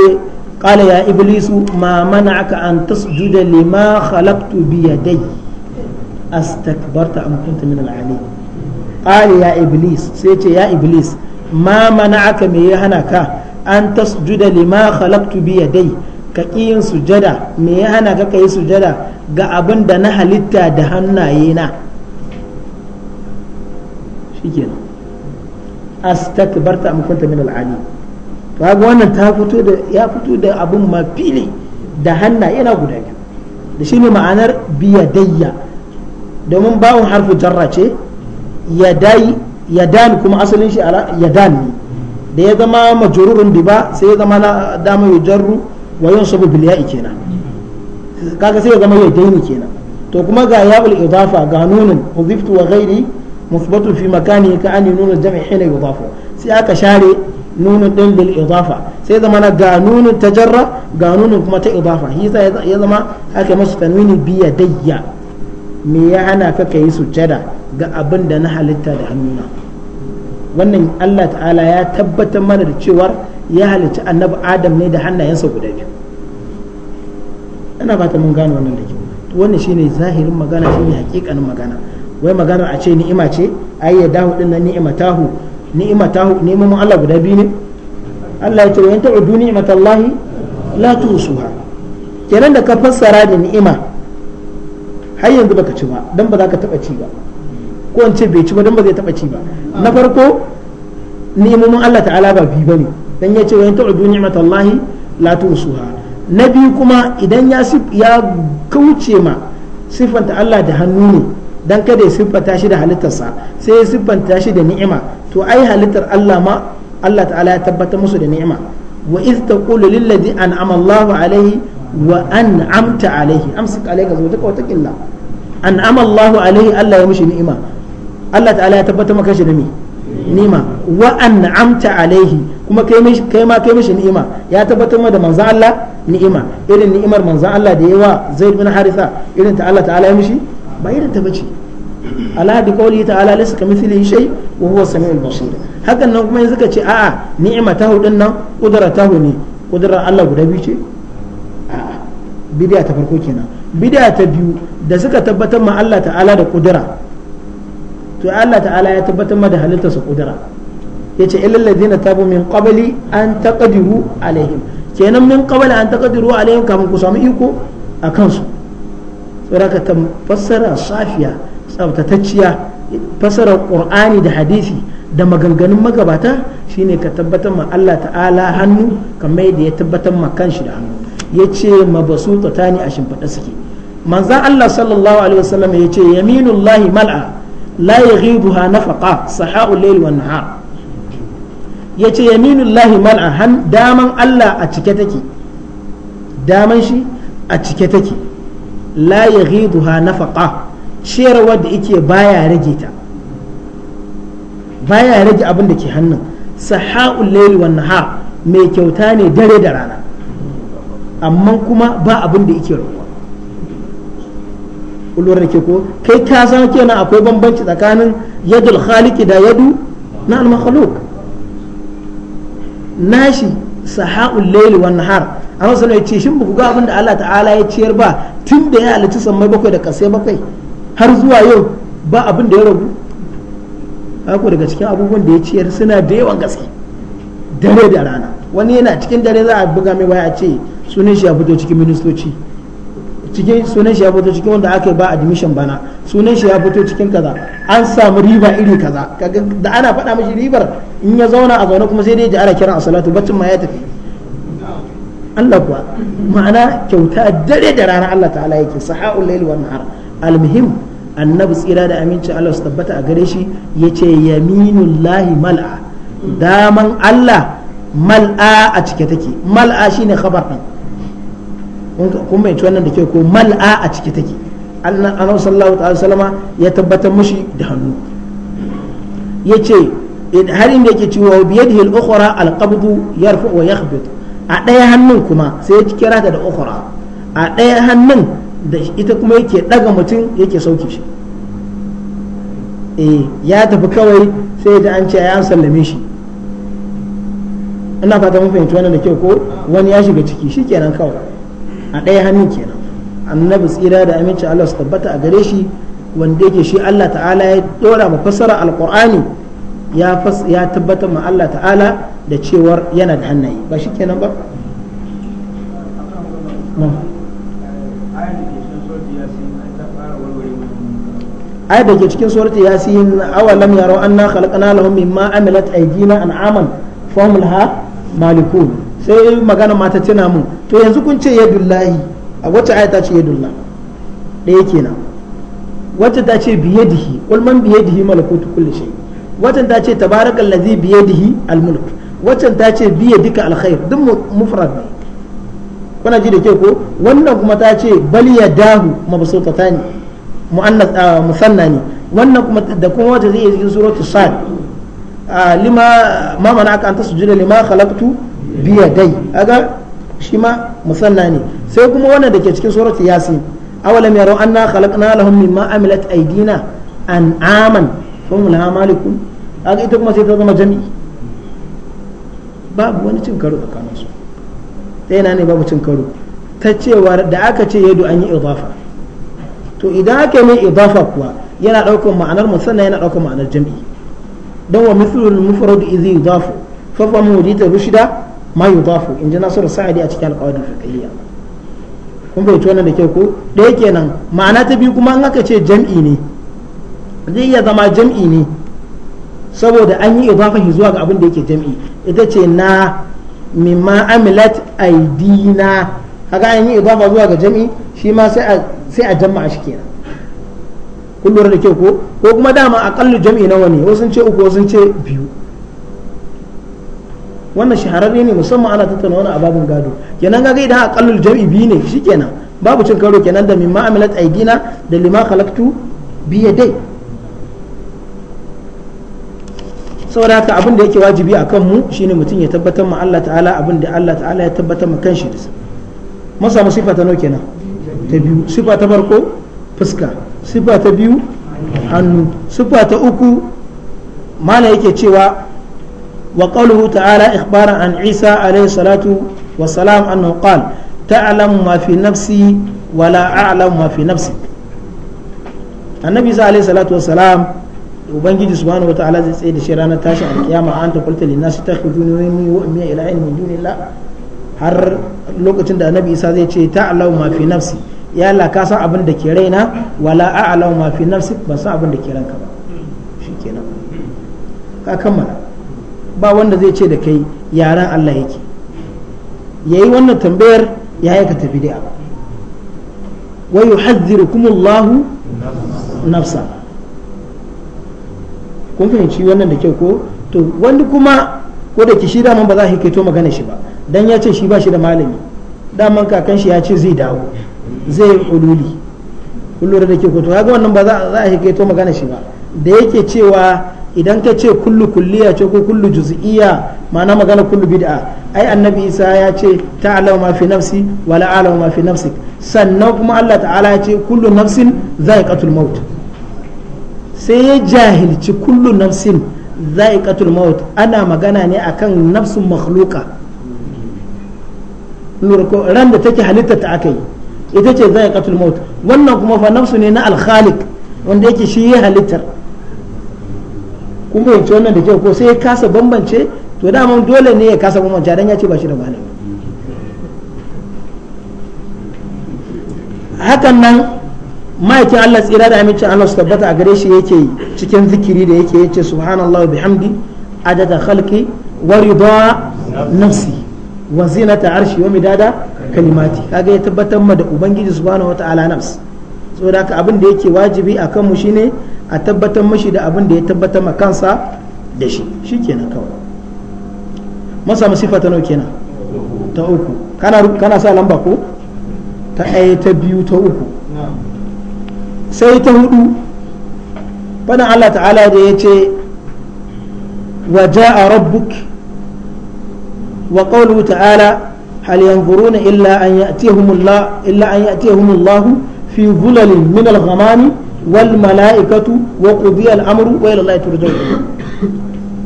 qala ya iblisu ma mana'aka an tasjuda lima khalaqtu bi yadayya astakbarta am kunta min al-alim qala ya iblis sai yace ya iblis ma mana'aka me ya hana ka an tasjuda lima khalaqtu bi yadayya ka ƙi yin sujada me ya hana ka yi sujada ga abin da na halitta da hannaye na shikenan astakbarta am kunta min al'ali to kaga wannan ta fito da ya fito da abun ma fili da hanna yana guda biyu da shine ma'anar biyadayya domin bawon harfu jarra ce yadai yadan kuma asalin shi ala yadan ne da ya zama majrurun diba sai ya zama na dama yujarru wa yansubu bil ya'i kenan kaga sai ya zama yadaini kenan to kuma ga ya'ul idafa ga nunun udhiftu wa ghairi مثبت في مكانه كأن نون الجمع حين يضاف سيأك شاري نون دين للإضافة سيدا مانا قانون التجرة قانون كما تإضافة هي زما أكي ta تنويني بيدي me ya hana ka ka yi sujjada ga abinda da na halitta da hannuna wannan Allah ta'ala ya tabbatar mana da cewar ya halitta annabi adam ne da hannayensa guda biyu ana fata mun gane wannan da kyau wannan shine zahirin magana shine hakikanin magana wai magana a ce ni'ima ce ai ya dahu din nan ni'ima tahu ni'ima tahu Allah guda biyu ne Allah ya ce wa yanta udu ni'imatallahi la tusuha kenan da ka fassara da ni'ima har yanzu baka ci ba dan ba za ka taba ci ba ko in ce bai ci ba dan ba zai taba ci ba na farko ni'imomin Allah ta'ala ba bi bane dan ya ce wa yanta udu ni'imatallahi la tusuha na biyu kuma idan ya ya kauce ma siffanta Allah da hannu ne dan kada ya siffanta shi da halittarsa sai ya siffanta shi da ni'ima to ai halittar Allah ma Allah ta'ala ya tabbatar musu da ni'ima wa iz taqulu lil ladzi an'ama Allahu alayhi wa an'amta alayhi amsik alayka zawjaka wata taqilla an'ama Allahu alayhi Allah ya mishi ni'ima Allah ta'ala ya tabbatar maka shi da ni ni'ima wa an'amta alayhi kuma kai mishi kai ma kai mishi ni'ima ya tabbatar ma da manzo Allah ni'ima irin ni'imar manzo Allah da yawa Zaid bin Haritha irin ta Allah ta'ala ya mishi ba irin ta bace ala bi qawli ta'ala laysa kamithlihi shay wa huwa samiul basir hakan nan kuma yanzu ka ce a'a ni'ima ta hudun nan kudura ta ne kudurar Allah guda biyu ce a'a bid'a ta farko kenan bid'a ta biyu da suka tabbatar ma Allah ta'ala da kudura to Allah ta'ala ya tabbatar ma da halitta su kudura yace illal ladina tabu min qabli an taqdiru alaihim kenan min qabli an taqdiru alaihim kamun ku samu iko a kansu saboda ta fassara safiya tsaftatacciya fassara qur'ani da hadisi da maganganun magabata shine ka tabbatar ma Allah ta'ala hannu kamar yadda ya tabbatar ma kanshi da hannu yace mabasu tani a shimfiɗa suke manzan Allah sallallahu alaihi wasallam yace yaminullahi mal'a la ya ha nafaqa sahau layl wa nahar yace yaminullahi mal'a han daman Allah a cike take daman shi a cike take la yaghiduha nafaqa ciyarwa da yake baya rage ta baya rage abin ke hannun saha'ul layli wan nahar mai kyauta ne dare da rana amma kuma ba abin da yake rawa kai ka san kenan akwai bambanci tsakanin yadul khaliqi da yadu na nashi saha'ul layli wan amma sun ya ce shin ba ku ga abin da Allah ta'ala ya ciyar ba tun da ya halicci sammai bakwai da kasai bakwai har zuwa yau ba abin da ya ragu haka daga cikin abubuwan da ya ciyar suna da yawan gaske dare da rana wani yana cikin dare za a buga mai waya ce sunan shi ya fito cikin ministoci cikin sunan shi ya fito cikin wanda aka yi ba admission bana sunan shi ya fito cikin kaza an samu riba iri kaza da ana faɗa mashi ribar in ya zauna a zaune kuma sai dai ji ana kira a salatu baccin ma ya tafi Allah kuwa ma'ana kyauta dare da rana Allah ta'ala yake saha'ul layli wan nahar almuhim annabi tsira da aminci Allah su tabbata a gare shi yace yaminullahi mal'a daman Allah mal'a a cike take mal'a shine khabar din kun bai wannan da ke ko mal'a a cike take annabi sallallahu ta'ala sallama ya tabbata mushi da hannu yace har inda yake cewa biyadihi al-ukhra al-qabdu yarfa wa yakhbitu a ɗaya hannun kuma sai ya kira ta da ukura a ɗaya hannun da ita kuma yake ɗaga mutum yake sauke shi eh ya tafi kawai sai da an ce ya sallame shi ina fata mun fahimci wannan da kyau ko wani ya shiga ciki shi kenan kawai a ɗaya hannun kenan annabi tsira da aminci Allah su tabbata a gare shi wanda yake shi Allah ta'ala ya dora mu fassara alqur'ani ya fas ya tabbatar ma Allah ta'ala da cewar yana da hannaye ba shi kenan ba ai da ke cikin surati yasin awalam yaro anna khalaqna lahum mimma amilat aydina an'aman fahum laha malikun sai magana mata tana mun to yanzu kun ce yadullahi a wacce ayata ce yadullah da yake nan wacce ta ce biyadihi ulman man biyadihi malakutu kulli shay watan ta ce tabarakal ladhi bi yadihi al mulk watan ta ce bi yadika al khair duk mufrad ne kuna ji da ke ko wannan kuma ta ce bal yadahu mabsutatani muannas ah, musanna ne wannan kuma da kuma wata zai yi cikin suratul sad ah, lima ma mana aka anta sujuda lima khalaqtu bi yadai aga shi ma musanna ne sai kuma wannan da ke cikin suratul yasin awalam yarau anna khalaqna lahum mimma amilat aydina an aman laha malikun kaga ita kuma sai ta zama jami'i babu wani cin karo tsakanin su ɗaya na ne babu cin karo ta cewa da aka ce yadu an yi idafa to idan aka yi idafa kuwa yana ɗaukar ma'anar musamman yana ɗaukar ma'anar jami'i don wa mithlul mufrad idh yudafu fa fa mudita rushida ma yudafu inji nasar sa'adi a cikin alƙawarin fiqhiyya kun bai tona da kyau ko da yake nan ma'ana ta biyu kuma an aka ce jami'i ne zai iya zama jami'i ne saboda an yi idafa zuwa ga abin da yake jam'i ita ce na mimma amilat aidina haka an yi idafa zuwa ga jam'i shi ma sai a jama'a shi kenan kun lura da kyau ko ko kuma dama aqallu jam'i nawa ne wasu ce uku wasu ce biyu wannan shahararre ne musamman ana tattauna wani ababin gado kenan ga idan aqallul jam'i biyu ne shikenan babu cin karo kenan da mimma amilat aidina da lima khalaqtu biyadai saboda haka abin da yake wajibi a kanmu shine mutum ya tabbatar ma Allah ta'ala abin da Allah ta'ala ya tabbatar ma kanshi da sa mun samu sifa ta nauke kenan ta biyu sifa ta farko fuska sifa ta biyu hannu sifa ta uku mala yake cewa wa qawluhu ta'ala ikhbaran an Isa alayhi salatu wa salam annahu qala ta'lamu ma fi nafsi wa la a'lamu ma fi nafsi annabi Isa alayhi salatu ubangiji subhanahu wataala zai tsaye da shi ranar tashin alkiyama an ta kulta linnas takhuduni min yu'minu ila ilmin dunillah har lokacin da annabi isa zai ce ta'lamu ma fi nafsi ya la ka san abin da ke raina wala a'lamu ma fi nafsi ba san abin da ke ranka ba shikenan ka kammala ba wanda zai ce da kai yaran Allah yake yayi wannan tambayar ya aikata bid'a wa yuhadhdhirukumullahu nafsa kun fahimci wannan da kyau ko to wani kuma ko da ki shi daman ba za a to magana shi ba dan ya ce shi ba shi da malami daman kakan shi ya ce zai dawo zai ululi kullum da ke ko to haka wannan ba za a to magana shi ba da yake cewa idan ka ce kullu kulliya ce ko kullu juz'iyya ma'ana magana kullu bid'a ai annabi isa ya ce ta'lamu ma fi nafsi wa la a'lamu ma fi nafsik sannan kuma Allah ta'ala ya ce kullu nafsin za'iqatul maut sai ya jahilci kullum nafsin za'iqatul maut ana magana ne akan nafsun makhluqa ran da take halitta ta aka yi ita ce za'iqatul maut wannan kuma fa nafsu ne na alkhalik wanda yake shi ya halittar kuma yace wannan da kyau ko sai ya kasa bambance to dama dole ne ya kasa bambance dan ya ce ba shi da malami hakan nan ma'aikin Allah tsira da amincin Allah su tabbata a gare shi yake cikin zikiri da yake yace subhanallah bihamdi adada khalqi wa rida nafsi wa zinata arshi wa midada kalimati kaga ya tabbatar ma da ubangiji subhanahu wataala nafs saboda haka abin da yake wajibi a kanmu shine a tabbatar mashi da abin ya tabbatar ma kansa da shi shikenan kawai masa masifa ta nau kenan ta uku kana kana sa lamba ko ta ɗaya eh, ta biyu ta uku sai ta hudu fadin Allah ta'ala da ya ce wa ja'a rabbuk wa qawluhu ta'ala hal yanzuruna illa an ya'tihumullah illa an fi dhulalin min al-ghamami wal mala'ikatu wa qudiya al-amru wa ila Allah turja'u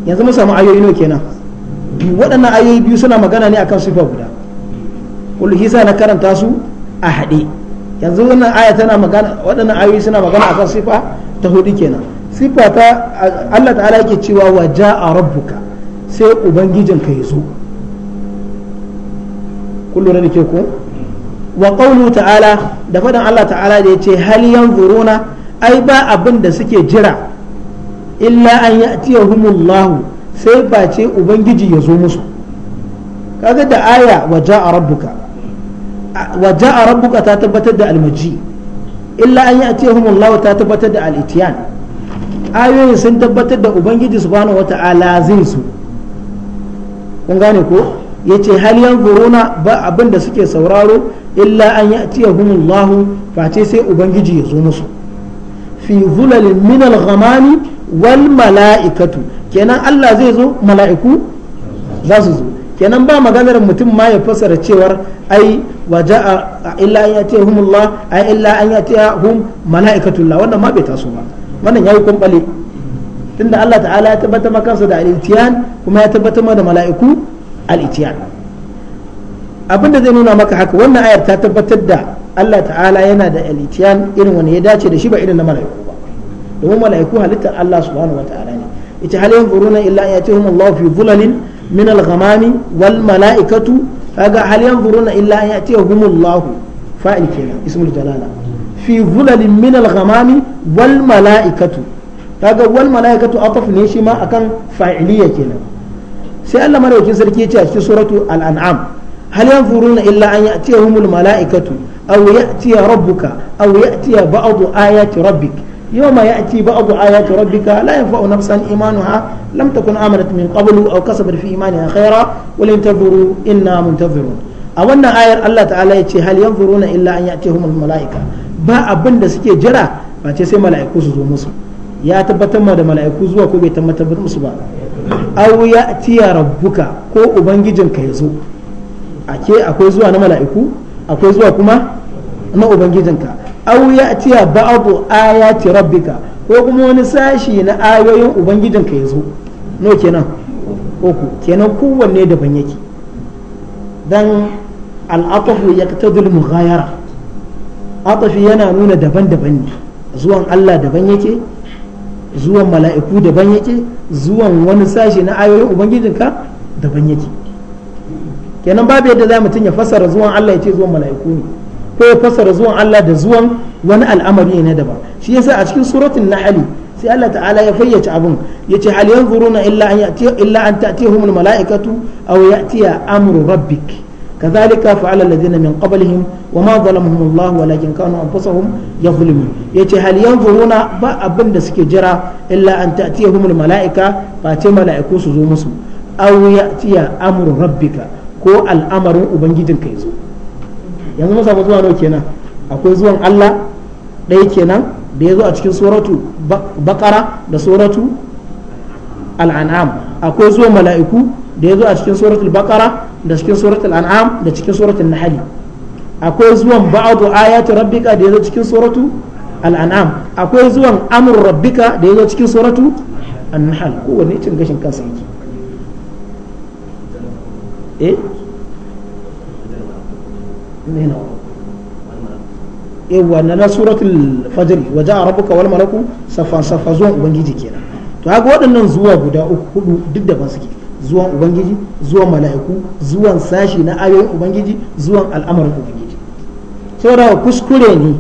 yanzu mun samu ayoyi ne kenan waɗannan ayoyi biyu suna magana ne akan sifa guda kullu hisa na karanta su a haɗe yanzu wannan aya tana magana waɗannan ayoyi suna magana akan sifa ta hudu kenan sifa ta Allah ta'ala yake cewa wa ja'a rabbuka sai ubangijin ya zo kullu da ke ko wa qawlu ta'ala da fadan Allah ta'ala da yace hal yanzuruna ai ba abin da suke jira illa an ya'tiyahumullahu sai ba ce ubangiji yazo musu kaga da aya wa ja'a rabbuka wa ja'a rabbuka ta tabbatar da almaji illa an ya'tihum Allah ta tabbatar da alitiyan ityan ayoyin sun tabbatar da ubangiji subhanahu wata'ala zai su kun gane ko yace hal yanzuruna ba abin da suke sauraro illa an ya'tihum Allah face sai ubangiji ya zo musu fi zulalin min al wal mala'ikatu kenan Allah zai zo mala'iku za su zo kenan ba maganar mutum ma ya fassara cewar ai waja illa an yati humullah ai illa an yati hum malaikatullah wannan ma bai taso ba wannan yayi kumbale tunda Allah ta'ala ya tabbata ma kansa da al-itiyan kuma ya tabbata ma da mala'iku al-itiyan abinda zai nuna maka haka wannan ayar ta tabbatar da Allah ta'ala yana da al-itiyan irin wani ya dace da shi ba irin na mala'iku ba domin mala'iku halittar Allah subhanahu wa ta'ala ne ita hal yanzuruna illa an yatihum Allah fi dhulalin min al-ghamami wal mala'ikatu kaga hal yanzuruna illa an ya'tiyahumullahu fa'il kenan ismul jalala fi zulalin min al-ghamami wal mala'ikatu kaga wal mala'ikatu ataf ne shi ma akan fa'iliya kenan sai Allah madaukakin sarki ya ce a cikin suratu al-an'am hal yanzuruna illa an mala'ikatu aw rabbuka aw ya'tiya ayati rabbika يوم يأتي بعض آيات ربك لا ينفع نفسا إيمانها لم تكن آمنت من قبل أو كسبت في إيمانها خيرا ولن تنظروا إنا منتظرون a wannan ayar Allah ta'ala ya ce hal yanzuruna illa an ya'tihumul mala'ika ba abin da suke jira ba ce sai mala'iku musu ya tabbatar ma da mala'iku zuwa ko bai tabbatar musu ba aw ya'tiya rabbuka ko ubangijinka ya zo ake akwai zuwa na mala'iku akwai zuwa kuma na ubangijinka aw ya'tiya ba'du ayati rabbika ko kuma wani sashi na ayoyin ubangijinka ya zo no kenan oku kenan kowanne daban yake dan al'atafu zulmu mughayara atafi yana nuna daban-daban ne zuwan Allah daban yake zuwan mala'iku daban yake zuwan wani sashi na ayoyin ubangijinka daban yake kenan babu yadda za mutum ya fassara zuwan Allah ya ce zuwan mala'iku ne ko ya fassara zuwan Allah da zuwan wani al'amari ne daban shi yasa a cikin suratul nahl sai Allah ta'ala ya fayyace abun yace hal yanzuruna illa an ya'ti illa an ta'tihumul mala'ikatu aw ya'tiya amru rabbik kadhalika fa'ala alladhina min qablihim wama zalamhum Allah walakin kanu anfusahum yadhlimun yace hal yanzuruna ba abin da suke jira illa an ta'tihumul mala'ika ba ce mala'iku su zo musu aw ya'tiya amru rabbika ko al'amarin ubangijinka yazo yanzu mun samu zuwa nawa kenan akwai zuwan Allah ɗaya kenan da ya zo a cikin suratu bakara da suratu al'an'am akwai zuwan mala'iku da ya zo a cikin suratul bakara da cikin suratul an'am da cikin suratul hali. akwai zuwan ba'adu ayatu rabbika da ya zo cikin suratu al'an'am akwai zuwan amur rabbika da ya zo cikin suratu an-nahl kowanne cin gashin kansa yake eh yawwa na na suratul fajr wa ja'a rabbuka wal malaku saffan saffa zuwan ubangiji kenan to haka waɗannan zuwa guda uku hudu duk ban suke zuwan ubangiji zuwan mala'iku zuwan sashi na ayoyin ubangiji zuwan al'amarin ubangiji saboda kuskure ne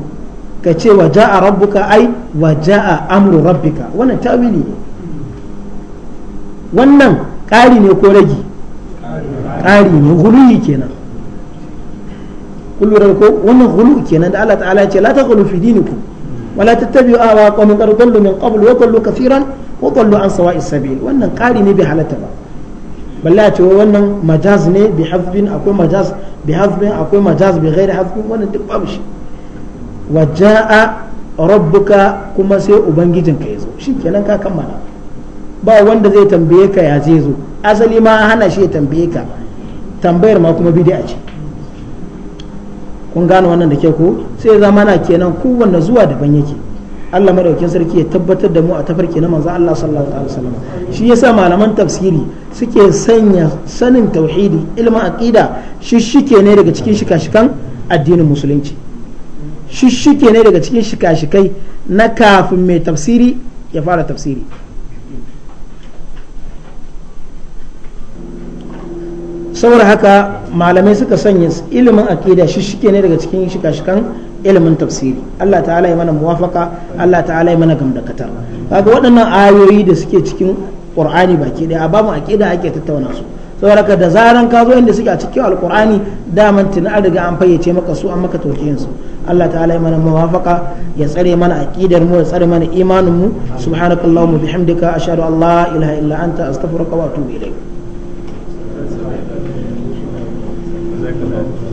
ka ce wa ja'a rabbuka ai wa ja'a amru rabbika wannan tawili ne wannan ƙari ne ko ragi ƙari ne huluyi kenan Kullum da ko wannan hulu kenan da Allah ta'ala ya ce la taghlu fi dinikum wa la tattabi'u ahwa qawmin qad dallu min qabl wa dallu kafiran wa dallu an sawa'i sabil wannan ƙari ne bai halatta ba balla ce wannan majaz ne bi hazbin akwai majaz bi hazbin akwai majaz bi ghairi hazbin wannan duk babu shi wa ja'a rabbuka kuma sai ubangijinka ya zo shikenan ka kammala ba wanda zai tambaye ka ya je zo asali ma hana shi ya tambaye ka tambayar ma kuma bid'a ce kun gane wannan da ke ko sai zama na kenan kowanne zuwa daban yake Allah madaukin sarki ya tabbatar da mu a tafarki na manzo Allah sallallahu alaihi wasallam shi yasa malaman tafsiri suke sanya sanin tauhidi ilmin aqida shi ne daga cikin shika-shikan addinin musulunci shi ne daga cikin shika-shikai na kafin mai tafsiri ya fara tafsiri saboda haka malamai suka sanya ilimin aqida shi shike ne daga cikin shika-shikan ilimin tafsiri Allah ta'ala ya mana muwafaka Allah ta'ala ya mana gamdakatar kaga waɗannan ayoyi da suke cikin ƙurani baki ɗaya a babu akida ake tattauna su saboda da zaran ka zo inda suke a cikin alqur'ani daman tuna an riga an fayyace maka su an maka tauhiyin su Allah ta'ala ya mana muwafaka ya tsare mana aqidar mu ya tsare mana imanin mu subhanakallahumma bihamdika ashhadu an la ilaha illa anta astaghfiruka wa atubu ilayk だから。